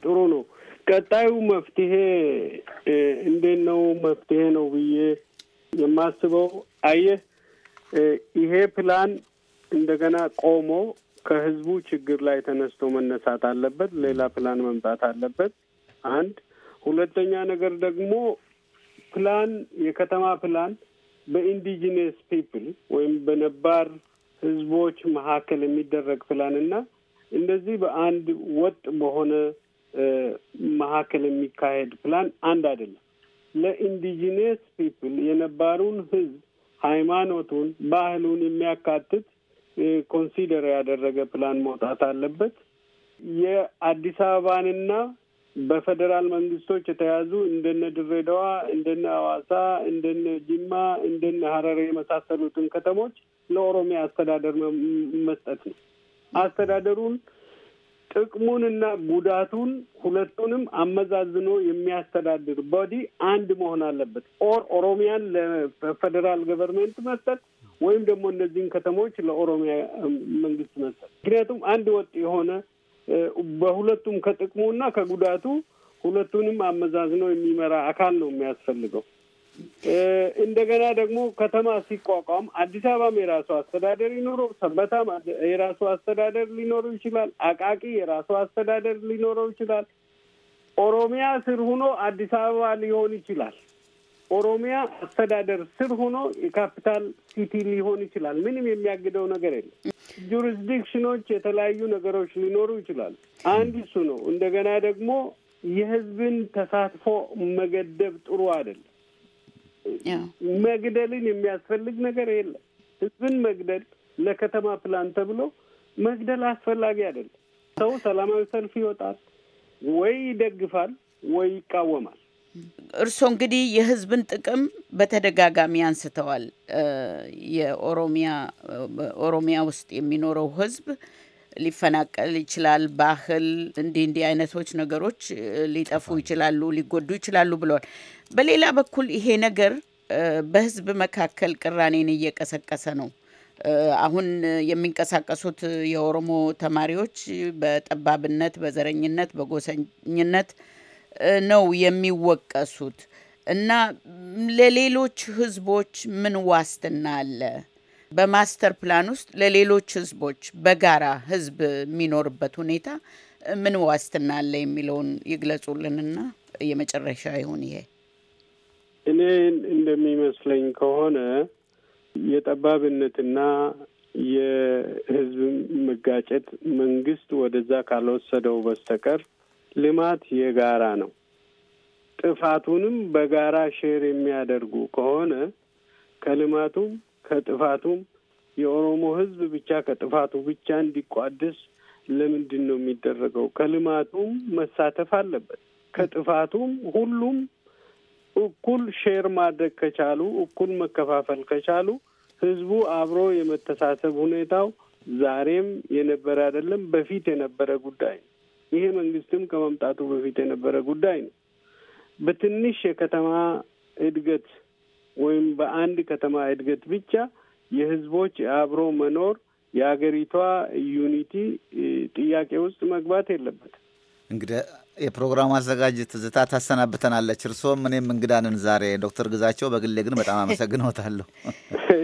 ጥሩ ነው። ቀጣዩ መፍትሄ እንዴት ነው መፍትሄ ነው ብዬ የማስበው አየህ ይሄ ፕላን እንደገና ቆሞ ከህዝቡ ችግር ላይ ተነስቶ መነሳት አለበት። ሌላ ፕላን መምጣት አለበት። አንድ ሁለተኛ ነገር ደግሞ ፕላን የከተማ ፕላን በኢንዲጂነስ ፒፕል ወይም በነባር ህዝቦች መካከል የሚደረግ ፕላን እና እንደዚህ በአንድ ወጥ በሆነ መካከል የሚካሄድ ፕላን አንድ አይደለም። ለኢንዲጂነስ ፒፕል የነባሩን ህዝብ ሃይማኖቱን፣ ባህሉን የሚያካትት ኮንሲደር ያደረገ ፕላን መውጣት አለበት። የአዲስ አበባንና በፌዴራል መንግስቶች የተያዙ እንደነ ድሬዳዋ፣ እንደነ ሐዋሳ፣ እንደነ ጅማ፣ እንደነ ሀረር የመሳሰሉትን ከተሞች ለኦሮሚያ አስተዳደር መስጠት ነው። አስተዳደሩን ጥቅሙንና ጉዳቱን ሁለቱንም አመዛዝኖ የሚያስተዳድር ቦዲ አንድ መሆን አለበት። ኦር ኦሮሚያን ለፌዴራል ገቨርንመንት መስጠት ወይም ደግሞ እነዚህን ከተሞች ለኦሮሚያ መንግስት መስጠት። ምክንያቱም አንድ ወጥ የሆነ በሁለቱም ከጥቅሙ እና ከጉዳቱ ሁለቱንም አመዛዝነው የሚመራ አካል ነው የሚያስፈልገው። እንደገና ደግሞ ከተማ ሲቋቋም አዲስ አበባም የራሱ አስተዳደር ይኖረው፣ ሰበታም የራሱ አስተዳደር ሊኖረው ይችላል፣ አቃቂ የራሱ አስተዳደር ሊኖረው ይችላል። ኦሮሚያ ስር ሆኖ አዲስ አበባ ሊሆን ይችላል። ኦሮሚያ አስተዳደር ስር ሆኖ የካፒታል ሲቲ ሊሆን ይችላል። ምንም የሚያግደው ነገር የለም። ጁሪስዲክሽኖች የተለያዩ ነገሮች ሊኖሩ ይችላሉ። አንድ እሱ ነው። እንደገና ደግሞ የህዝብን ተሳትፎ መገደብ ጥሩ አይደለም። መግደልን የሚያስፈልግ ነገር የለም። ህዝብን መግደል ለከተማ ፕላን ተብሎ መግደል አስፈላጊ አይደለም። ሰው ሰላማዊ ሰልፍ ይወጣል ወይ ይደግፋል ወይ ይቃወማል። እርስዎ እንግዲህ የህዝብን ጥቅም በተደጋጋሚ አንስተዋል። የኦሮሚያ ኦሮሚያ ውስጥ የሚኖረው ህዝብ ሊፈናቀል ይችላል፣ ባህል እንዲህ እንዲህ አይነቶች ነገሮች ሊጠፉ ይችላሉ፣ ሊጎዱ ይችላሉ ብለዋል። በሌላ በኩል ይሄ ነገር በህዝብ መካከል ቅራኔን እየቀሰቀሰ ነው። አሁን የሚንቀሳቀሱት የኦሮሞ ተማሪዎች በጠባብነት፣ በዘረኝነት፣ በጎሰኝነት ነው የሚወቀሱት እና ለሌሎች ህዝቦች ምን ዋስትና አለ? በማስተር ፕላን ውስጥ ለሌሎች ህዝቦች በጋራ ህዝብ የሚኖርበት ሁኔታ ምን ዋስትና አለ የሚለውን ይግለጹልንና የመጨረሻ ይሁን ይሄ። እኔ እንደሚመስለኝ ከሆነ የጠባብነትና የህዝብ መጋጨት መንግስት ወደዛ ካልወሰደው በስተቀር ልማት የጋራ ነው። ጥፋቱንም በጋራ ሼር የሚያደርጉ ከሆነ ከልማቱም ከጥፋቱም የኦሮሞ ሕዝብ ብቻ ከጥፋቱ ብቻ እንዲቋደስ ለምንድን ነው የሚደረገው? ከልማቱም መሳተፍ አለበት። ከጥፋቱም ሁሉም እኩል ሼር ማድረግ ከቻሉ፣ እኩል መከፋፈል ከቻሉ ሕዝቡ አብሮ የመተሳሰብ ሁኔታው ዛሬም የነበረ አይደለም፣ በፊት የነበረ ጉዳይ ነው። ይሄ መንግስትም ከመምጣቱ በፊት የነበረ ጉዳይ ነው። በትንሽ የከተማ እድገት ወይም በአንድ ከተማ እድገት ብቻ የህዝቦች አብሮ መኖር የሀገሪቷ ዩኒቲ ጥያቄ ውስጥ መግባት የለበትም። እንግዲህ የፕሮግራሙ አዘጋጅ ትዝታ ታሰናብተናለች። እርስዎም እኔም እንግዳንን ዛሬ ዶክተር ግዛቸው በግሌ ግን በጣም አመሰግንዎታለሁ።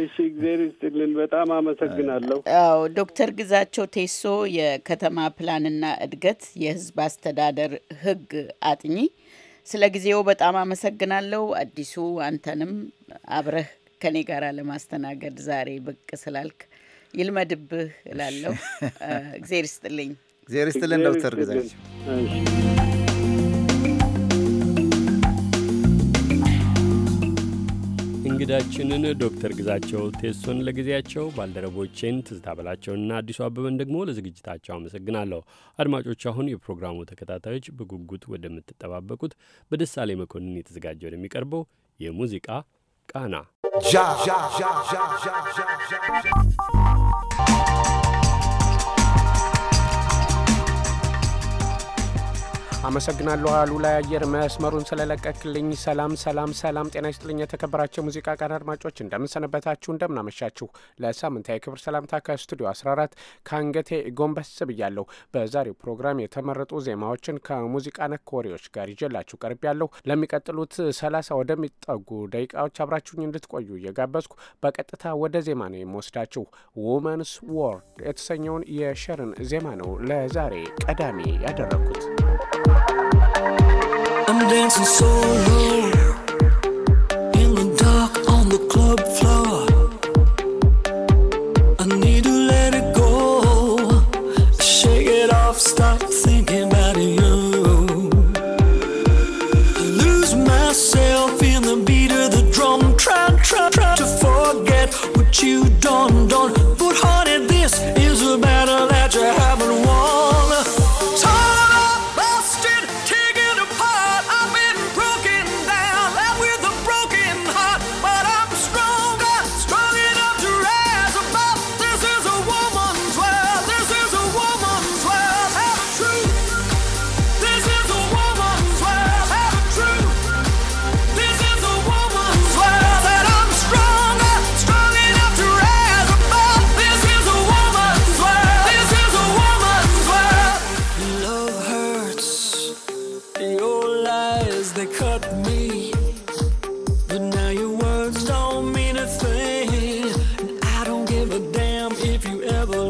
እሺ እግዜር ይስጥልን። በጣም አመሰግናለሁ። አዎ ዶክተር ግዛቸው ቴሶ የከተማ ፕላንና እድገት የህዝብ አስተዳደር ህግ አጥኚ፣ ስለ ጊዜው በጣም አመሰግናለሁ። አዲሱ አንተንም አብረህ ከኔ ጋር ለማስተናገድ ዛሬ ብቅ ስላልክ ይልመድብህ እላለሁ። እግዜር ይስጥልኝ። እግዜር ይስጥልን ዶክተር ግዛቸው እንግዳችንን ዶክተር ግዛቸው ቴሶን ለጊዜያቸው፣ ባልደረቦቼን ትዝታ በላቸውንና አዲሱ አበበን ደግሞ ለዝግጅታቸው አመሰግናለሁ። አድማጮች፣ አሁን የፕሮግራሙ ተከታታዮች በጉጉት ወደምትጠባበቁት በደሳሌ መኮንን የተዘጋጀ ወደሚቀርበው የሙዚቃ ቃና አመሰግናለሁ አሉ ላይ አየር መስመሩን ስለለቀክልኝ ሰላም ሰላም ሰላም፣ ጤና ይስጥልኝ የተከበራቸው ሙዚቃ ቀን አድማጮች እንደምንሰነበታችሁ፣ እንደምናመሻችሁ። ለሳምንታዊ ክብር ሰላምታ ከስቱዲዮ 14 ከአንገቴ ጎንበስ ብያለሁ። በዛሬው ፕሮግራም የተመረጡ ዜማዎችን ከሙዚቃ ነክ ወሬዎች ጋር ይዤላችሁ ቀርብ ያለሁ። ለሚቀጥሉት 30 ወደሚጠጉ ደቂቃዎች አብራችሁኝ እንድትቆዩ እየጋበዝኩ በቀጥታ ወደ ዜማ ነው የምወስዳችሁ። ውመንስ ዎርድ የተሰኘውን የሸርን ዜማ ነው ለዛሬ ቀዳሚ ያደረግኩት። I'm dancing solo in the dark on the club floor. I need to let it go, shake it off, stop thinking about you. I lose myself in the beat of the drum, Try, try, try to forget what you done, done. But honey, in this.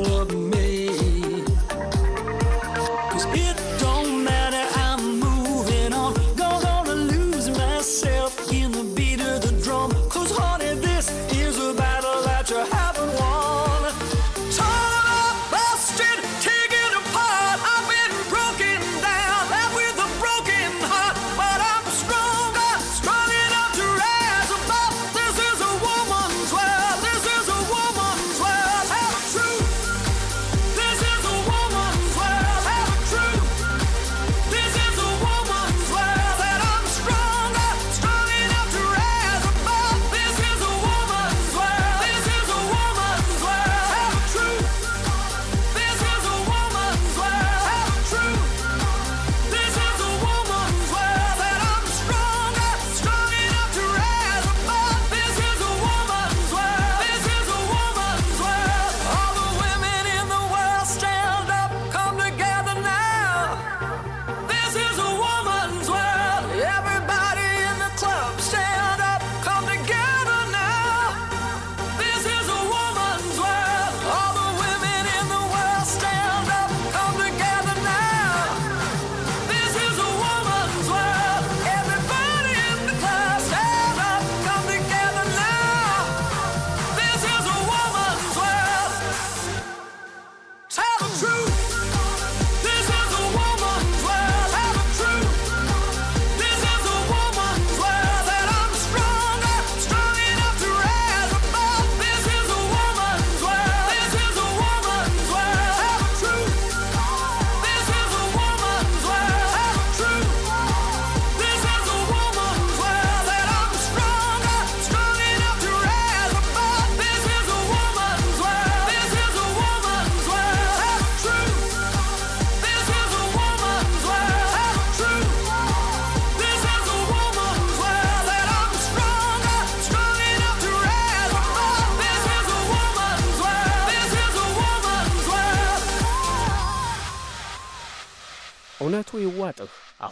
我不。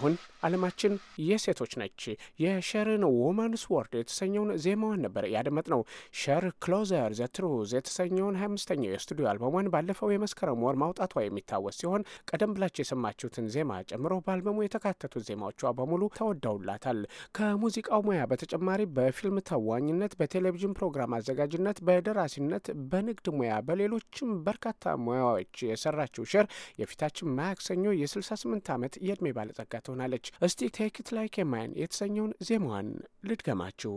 Ahun አለማችን የሴቶች ነች የሸርን ወመንስ ወርድ የተሰኘውን ዜማዋን ነበር ነው። ሸር ክሎዘር ዘትሩዝ የተሰኘውን ሀያ አምስተኛው የስቱዲዮ አልበሟን ባለፈው የመስከረም ወር ማውጣቷ የሚታወስ ሲሆን ቀደም ብላችሁ የሰማችሁትን ዜማ ጨምሮ በአልበሙ የተካተቱት ዜማዎቿ በሙሉ ተወዳውላታል። ከሙዚቃው ሙያ በተጨማሪ በፊልም ተዋኝነት፣ በቴሌቪዥን ፕሮግራም አዘጋጅነት፣ በደራሲነት፣ በንግድ ሙያ፣ በሌሎችም በርካታ ሙያዎች የሰራችው ሸር የፊታችን ማክሰኞ የ68 ዓመት የእድሜ ባለጸጋ ትሆናለች። እስቲ ቴክት ላይክ የማይን የተሰኘውን ዜማዋን ልድገማችሁ።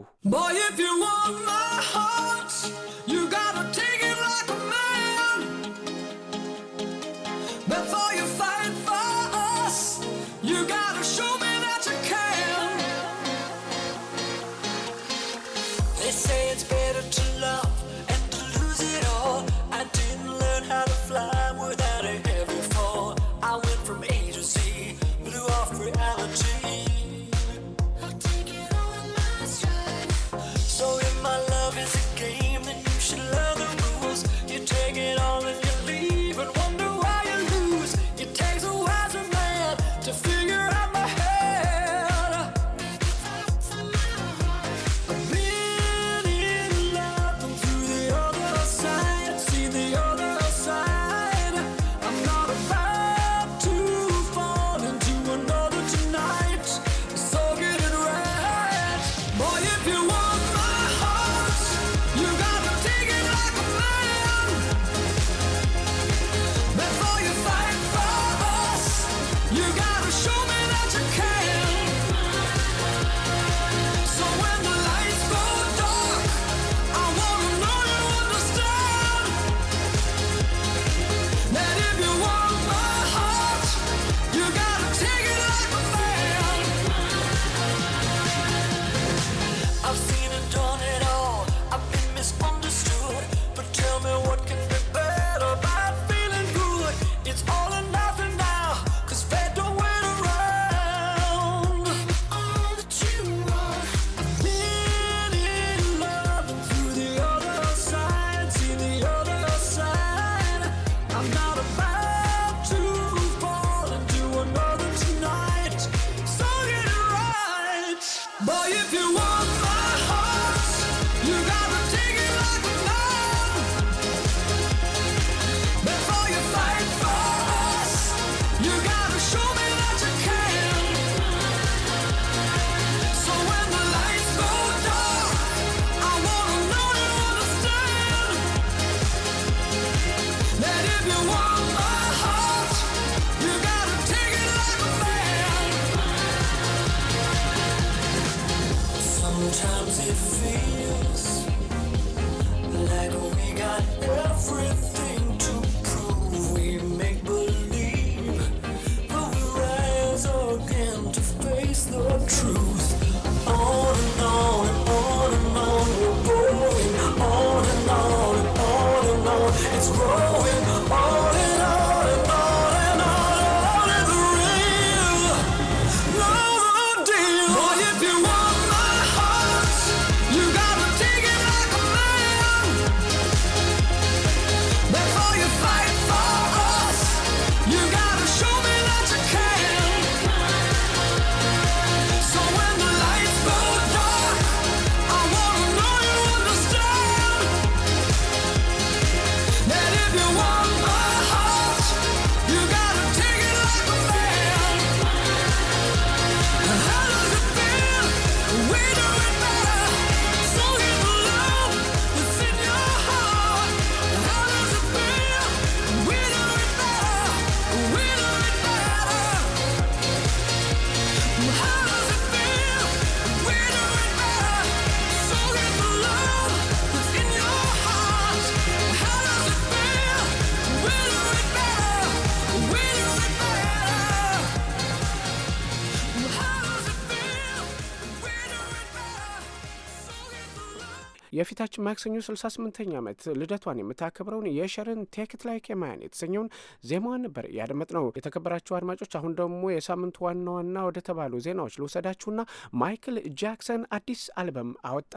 ተወዳጅ ማክሰኞ 68ኛ ዓመት ልደቷን የምታከብረውን የሸርን ቴክት ላይክ የማያን የተሰኘውን ዜማዋን ነበር ያደመጥ ነው። የተከበራችሁ አድማጮች፣ አሁን ደግሞ የሳምንቱ ዋና ዋና ወደ ተባሉ ዜናዎች ልውሰዳችሁና ማይክል ጃክሰን አዲስ አልበም አወጣ።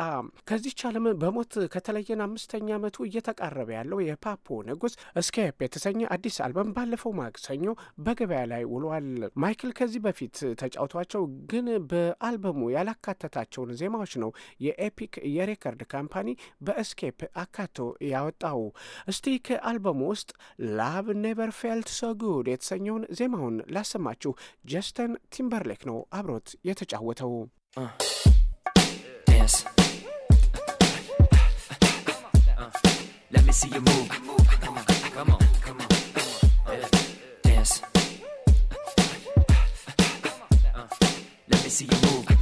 ከዚች ዓለም በሞት ከተለየን አምስተኛ ዓመቱ እየተቃረበ ያለው የፓፖ ንጉስ እስኬፕ የተሰኘ አዲስ አልበም ባለፈው ማክሰኞ በገበያ ላይ ውሏል። ማይክል ከዚህ በፊት ተጫውቷቸው ግን በአልበሙ ያላካተታቸውን ዜማዎች ነው የኤፒክ የሬከርድ ካምፓኒ በእስኬፕ አካቶ ያወጣው። እስቲ ከአልበሙ ውስጥ ላቭ ኔቨር ፌልት ሶ ጉድ የተሰኘውን ዜማውን ላሰማችሁ። ጀስተን ቲምበርሌክ ነው አብሮት የተጫወተው። let me see you move.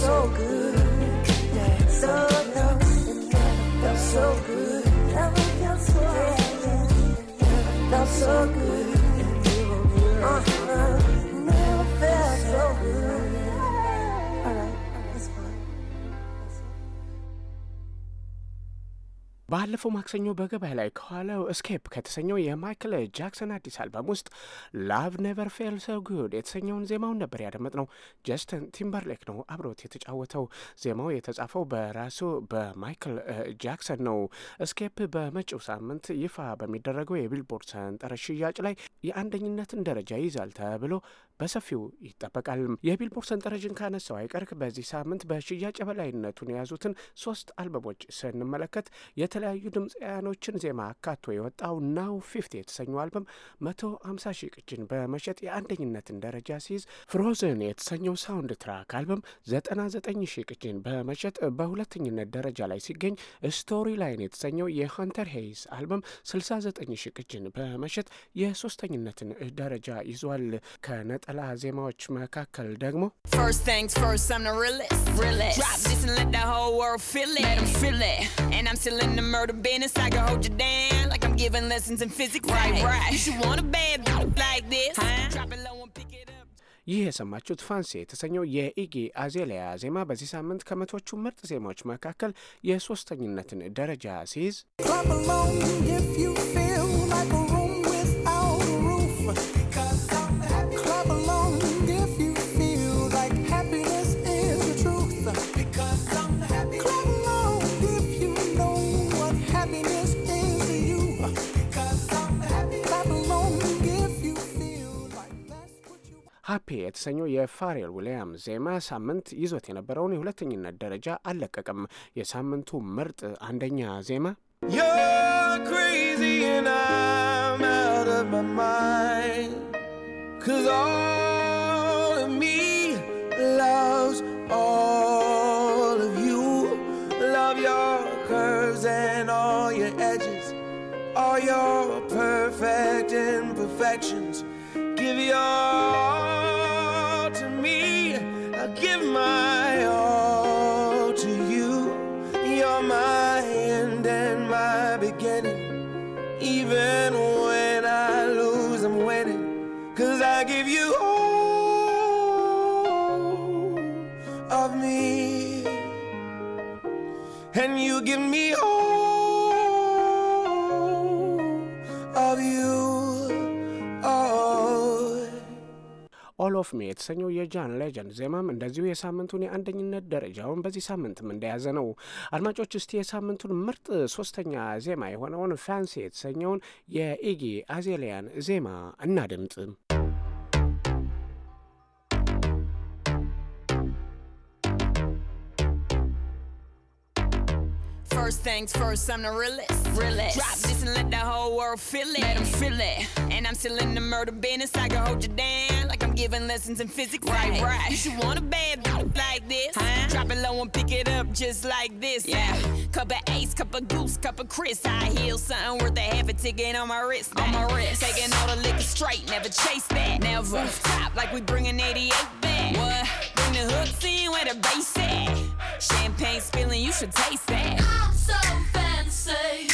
so good. ባለፈው ማክሰኞ በገበያ ላይ ከዋለው እስኬፕ ከተሰኘው የማይክል ጃክሰን አዲስ አልበም ውስጥ ላቭ ኔቨር ፌል ሶ ጉድ የተሰኘውን ዜማውን ነበር ያደመጥነው። ጀስትን ቲምበርሌክ ነው አብሮት የተጫወተው። ዜማው የተጻፈው በራሱ በማይክል ጃክሰን ነው። እስኬፕ በመጪው ሳምንት ይፋ በሚደረገው የቢልቦርድ ሰንጠረዥ ሽያጭ ላይ የአንደኝነትን ደረጃ ይይዛል ተብሎ በሰፊው ይጠበቃል። የቢልቦርድ ሰንጠረዥን ካነሳው አይቀርክ በዚህ ሳምንት በሽያጭ የበላይነቱን የያዙትን ሶስት አልበሞች ስንመለከት የተለያዩ ድምፃያኖችን ዜማ አካቶ የወጣው ናው ፊፍቲ የተሰኘው አልበም መቶ ሃምሳ ሺህ ቅጅን በመሸጥ የአንደኝነትን ደረጃ ሲይዝ ፍሮዝን የተሰኘው ሳውንድ ትራክ አልበም ዘጠና ዘጠኝ ሺህ ቅጅን በመሸጥ በሁለተኝነት ደረጃ ላይ ሲገኝ ስቶሪ ላይን የተሰኘው የሀንተር ሄይስ አልበም 69 ሺህ ቅጅን በመሸጥ የሶስተኝነትን ደረጃ ይዟል። ከነጠ ነጠላ ዜማዎች መካከል ደግሞ ይህ የሰማችሁት ፋንሲ የተሰኘው የኢጊ አዜሊያ ዜማ በዚህ ሳምንት ከመቶቹ ምርጥ ዜማዎች መካከል የሶስተኝነትን ደረጃ ሲይዝ ሃፒ የተሰኘው የፋሬል ዊሊያም ዜማ ሳምንት ይዞት የነበረውን የሁለተኝነት ደረጃ አለቀቅም። የሳምንቱ ምርጥ አንደኛ ዜማ all your perfect imperfections. Give your give my all to you. You're my end and my beginning. Even when I lose, I'm winning. Cause I give you all of me. And you give me all. ኦል ኦፍ ሚ የተሰኘው የጃን ሌጀንድ ዜማም እንደዚሁ የሳምንቱን የአንደኝነት ደረጃውን በዚህ ሳምንትም እንደያዘ ነው። አድማጮች እስቲ የሳምንቱን ምርጥ ሶስተኛ ዜማ የሆነውን ፋንሲ የተሰኘውን የኢጊ አዜሊያን ዜማ እናድምጥ። First things first, I'm the realest. realest. Drop this and let the whole world feel it. Let them feel it. And I'm still in the murder business. I can hold you down like I'm giving lessons in physics. Right, right. You should want a bad like this. Huh? Drop it low and pick it up just like this. Yeah. Cup of ace, cup of goose, cup of Chris. I heal something worth a half a ticket on my wrist. Back. On my wrist. Taking all the liquor straight, never chase that. Never. Top like we bringing 88 back. What? the hook scene where the bass at. Champagne spilling, you should taste that. I'm so fancy.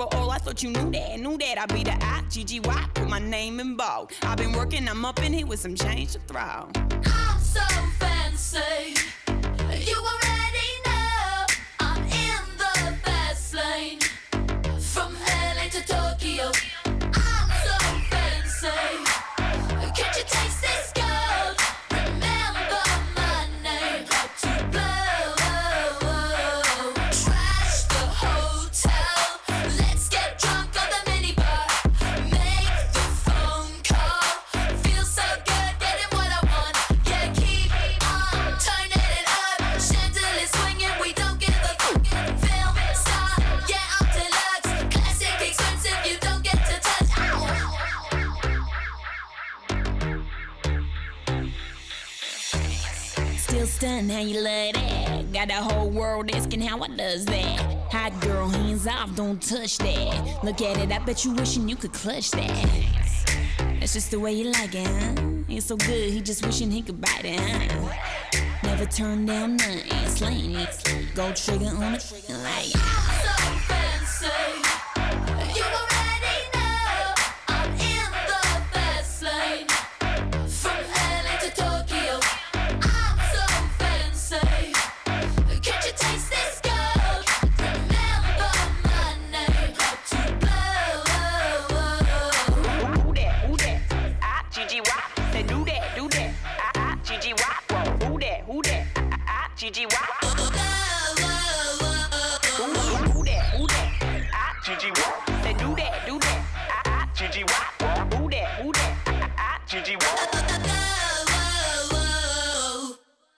overall. I thought you knew that, knew that. I would be the I, G-G-Y, put my name in bold. I've been working, I'm up in here with some change to throw. I'm so fancy. You already know I'm in the fast lane. From LA to Tokyo, I'm so fancy. you love that. Got the whole world asking how I does that. Hot girl, hands off, don't touch that. Look at it, I bet you wishing you could clutch that. That's just the way you like it, huh? It's so good, he just wishing he could bite it, huh? Never turn down nothing, sling it. Go trigger on the trigger like.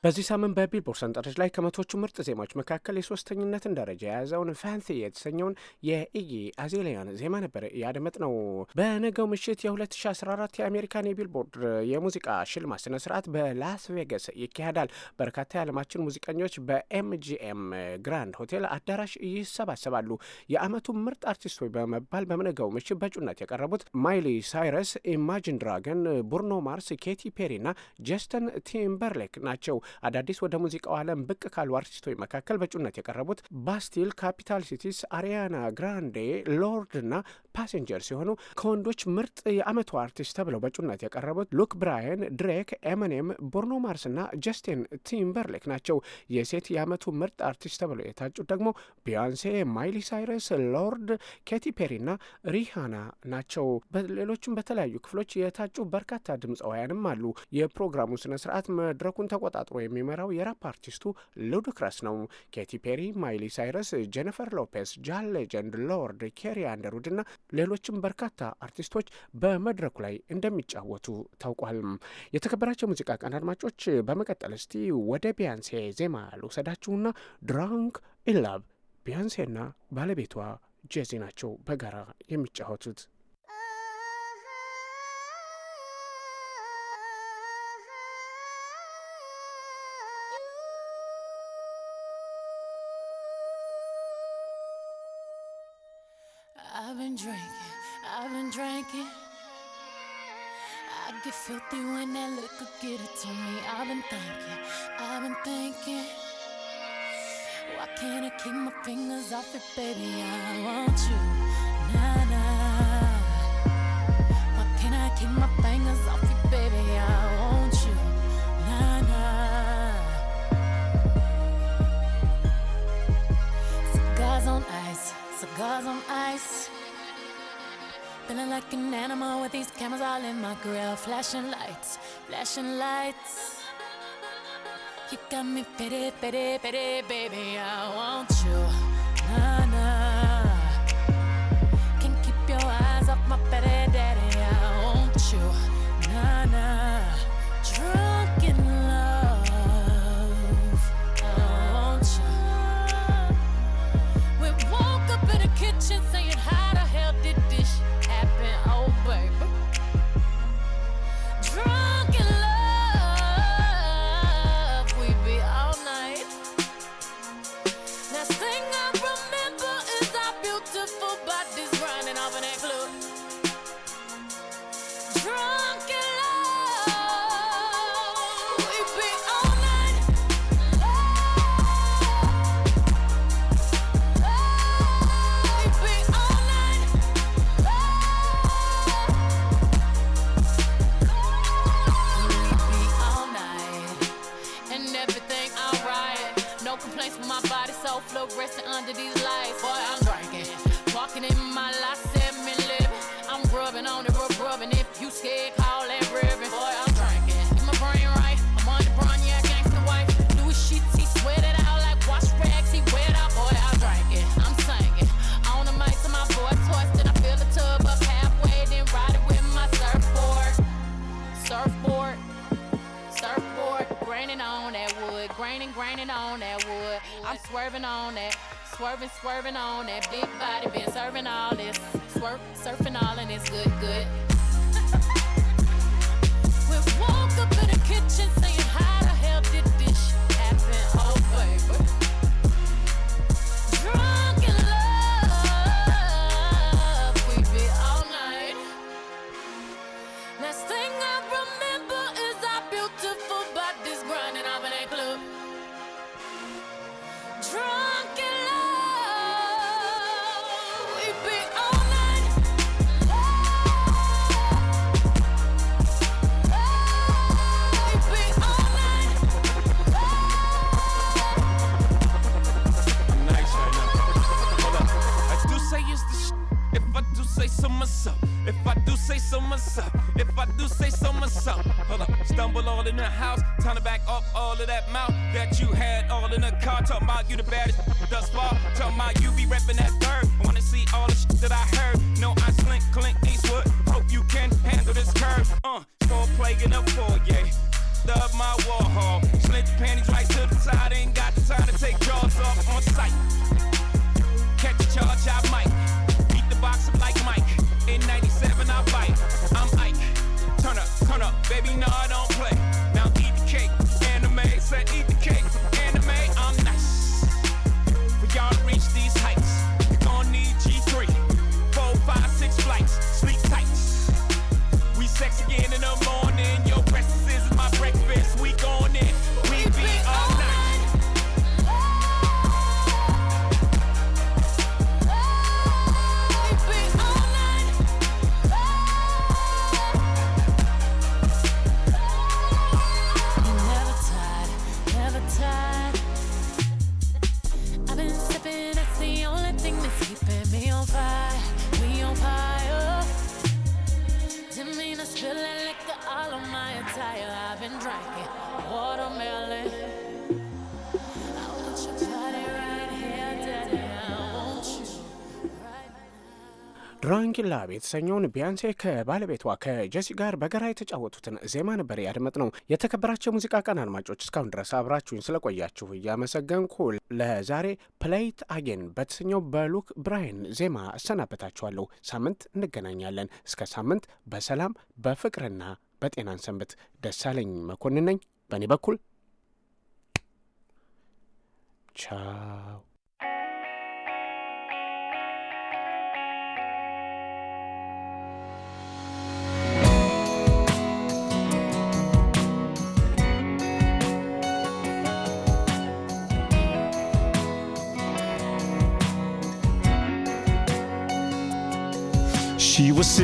በዚህ ሳምንት በቢልቦርድ ሰንጠረዥ ላይ ከመቶቹ ምርጥ ዜማዎች መካከል የሶስተኝነትን ደረጃ የያዘውን ፋንሲ የተሰኘውን የኢጊ አዜሊያን ዜማ ነበር ያደመጥ ነው። በነገው ምሽት የ2014 የአሜሪካን የቢልቦርድ የሙዚቃ ሽልማት ስነ ስርዓት በላስ ቬገስ ይካሄዳል። በርካታ የዓለማችን ሙዚቀኞች በኤምጂኤም ግራንድ ሆቴል አዳራሽ ይሰባሰባሉ። የአመቱ ምርጥ አርቲስቶች በመባል በነገው ምሽት በእጩነት የቀረቡት ማይሊ ሳይረስ፣ ኢማጂን ድራገን፣ ቡርኖ ማርስ፣ ኬቲ ፔሪ እና ጀስተን ቲምበርሌክ ናቸው። አዳዲስ ወደ ሙዚቃው ዓለም ብቅ ካሉ አርቲስቶች መካከል በእጩነት የቀረቡት ባስቲል፣ ካፒታል ሲቲስ፣ አሪያና ግራንዴ፣ ሎርድ እና ፓሴንጀር ሲሆኑ ከወንዶች ምርጥ የአመቱ አርቲስት ተብለው በእጩነት የቀረቡት ሉክ ብራያን ድሬክ፣ ኤምኔም፣ ቦርኖ ማርስ እና ጀስቲን ቲምበርሌክ ናቸው። የሴት የአመቱ ምርጥ አርቲስት ተብለው የታጩት ደግሞ ቢያንሴ፣ ማይሊ ሳይረስ፣ ሎርድ፣ ኬቲ ፔሪ እና ሪሃና ናቸው። ሌሎችም በተለያዩ ክፍሎች የታጩ በርካታ ድምፃውያንም አሉ። የፕሮግራሙ ስነ ስርዓት መድረኩን ተቆጣጥሮ የሚመራው የራፕ አርቲስቱ ሉድክረስ ነው። ኬቲ ፔሪ፣ ማይሊ ሳይረስ፣ ጄኒፈር ሎፔስ፣ ጃን ሌጀንድ፣ ሎርድ፣ ኬሪ አንደሩድ እና ሌሎችም በርካታ አርቲስቶች በመድረኩ ላይ እንደሚጫወቱ ታውቋል። የተከበራቸው ሙዚቃ ቀን አድማጮች፣ በመቀጠል እስቲ ወደ ቢያንሴ ዜማ ልውሰዳችሁና ድራንክ ኢላቭ ቢያንሴና ባለቤቷ ጄዚ ናቸው በጋራ የሚጫወቱት። thinking. I get filthy when that liquor get it to me. I've been thinking, I've been thinking. Why can't I keep my fingers off it, baby? I want you, nah nah. Why can't I keep my fingers off it, baby? I want you, nah nah. Cigars on ice, cigars on ice. Feeling like an animal with these cameras all in my grill. Flashing lights, flashing lights. You got me pity, pity, pity, baby. I want you. all of that mouth that you had all in the car. Talking about you the baddest thus far. Talking about you be reppin' that third. Wanna see all the shit that I heard. No, I slink, clink, Eastwood. Hope you can handle this curve. Uh, score play in the foyer. Up my wall hall. Slint the panties right to the side. Ain't got the time to take jaws off on sight. Catch a charge, I might. Beat the box up like Mike. In 97, I bite. I'm Ike. Turn up, turn up. Baby, no, I don't play. Yes, eat ድራንኪላ የተሰኘውን ቢያንሴ ከባለቤቷ ከጀሲ ጋር በጋራ የተጫወቱትን ዜማ ነበር ያድመጥ ነው። የተከበራቸው የሙዚቃ ቀን አድማጮች እስካሁን ድረስ አብራችሁኝ ስለቆያችሁ እያመሰገንኩ ለዛሬ ፕሌይት አጌን በተሰኘው በሉክ ብራይን ዜማ እሰናበታችኋለሁ። ሳምንት እንገናኛለን። እስከ ሳምንት በሰላም በፍቅርና በጤናን ሰንብት። ደሳለኝ መኮንን ነኝ። በእኔ በኩል ቻው።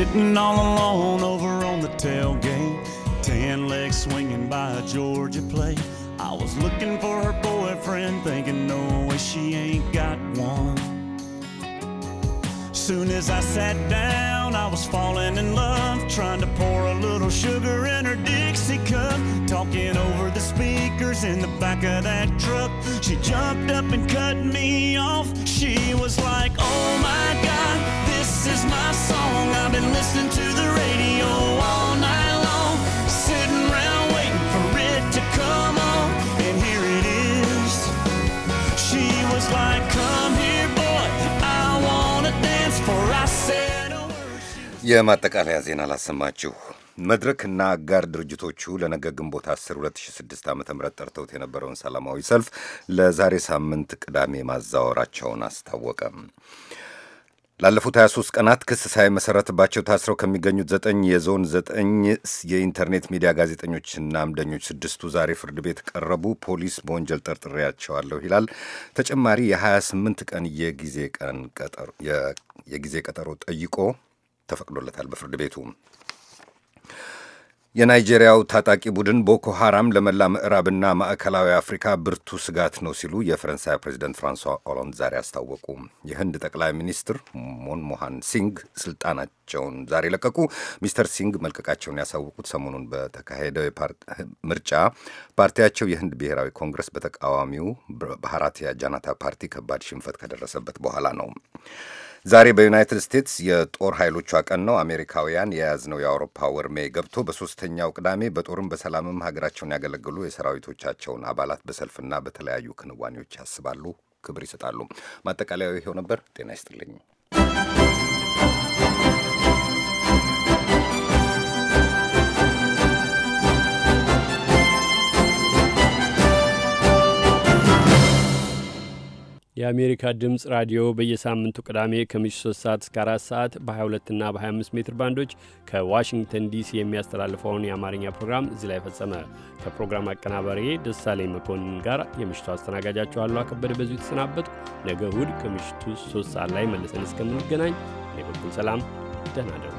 Sitting all alone over on the tailgate, ten legs swinging by a Georgia plate. I was looking for her boyfriend, thinking, no way, she ain't got one. Soon as I sat down, I was falling in love, trying to pour a little sugar in her Dixie cup. Talking over the speakers in the back of that truck, she jumped up and cut me off. She was like, oh my God. የማጠቃለያ ዜና ላሰማችሁ። መድረክና አጋር ድርጅቶቹ ለነገ ግንቦት 10 2006 ዓ ም ጠርተውት የነበረውን ሰላማዊ ሰልፍ ለዛሬ ሳምንት ቅዳሜ ማዛወራቸውን አስታወቀም። ላለፉት 23 ቀናት ክስ ሳይመሰረትባቸው ታስረው ከሚገኙት ዘጠኝ የዞን ዘጠኝ የኢንተርኔት ሚዲያ ጋዜጠኞችና አምደኞች ስድስቱ ዛሬ ፍርድ ቤት ቀረቡ። ፖሊስ በወንጀል ጠርጥሬያቸዋለሁ ይላል። ተጨማሪ የ28 ቀን የጊዜ ቀን የጊዜ ቀጠሮ ጠይቆ ተፈቅዶለታል በፍርድ ቤቱ። የናይጄሪያው ታጣቂ ቡድን ቦኮ ሃራም ለመላ ምዕራብና ማዕከላዊ አፍሪካ ብርቱ ስጋት ነው ሲሉ የፈረንሳይ ፕሬዚደንት ፍራንሷ ኦላንድ ዛሬ አስታወቁ። የህንድ ጠቅላይ ሚኒስትር ሞንሞሃን ሲንግ ስልጣናቸውን ዛሬ ለቀቁ። ሚስተር ሲንግ መልቀቃቸውን ያሳወቁት ሰሞኑን በተካሄደው ምርጫ ፓርቲያቸው የህንድ ብሔራዊ ኮንግረስ በተቃዋሚው በሀራቲያ ጃናታ ፓርቲ ከባድ ሽንፈት ከደረሰበት በኋላ ነው። ዛሬ በዩናይትድ ስቴትስ የጦር ኃይሎቿ ቀን ነው። አሜሪካውያን የያዝነው የአውሮፓ ወር ሜይ ገብቶ በሶስተኛው ቅዳሜ በጦርም በሰላምም ሀገራቸውን ያገለግሉ የሰራዊቶቻቸውን አባላት በሰልፍና በተለያዩ ክንዋኔዎች ያስባሉ፣ ክብር ይሰጣሉ። ማጠቃለያው ይሄው ነበር። ጤና ይስጥልኝ። የአሜሪካ ድምፅ ራዲዮ በየሳምንቱ ቅዳሜ ከምሽቱ 3 ሰዓት እስከ 4 ሰዓት በ22 እና በ25 ሜትር ባንዶች ከዋሽንግተን ዲሲ የሚያስተላልፈውን የአማርኛ ፕሮግራም እዚህ ላይ ፈጸመ። ከፕሮግራም አቀናባሪ ደሳለኝ መኮንን ጋር የምሽቱ አስተናጋጃችሁ አሉ አከበደ በዚሁ የተሰናበትኩ። ነገ እሁድ ከምሽቱ 3 ሰዓት ላይ መልሰን እስከምንገናኝ እኔ በኩል ሰላም፣ ደህና ደሩ።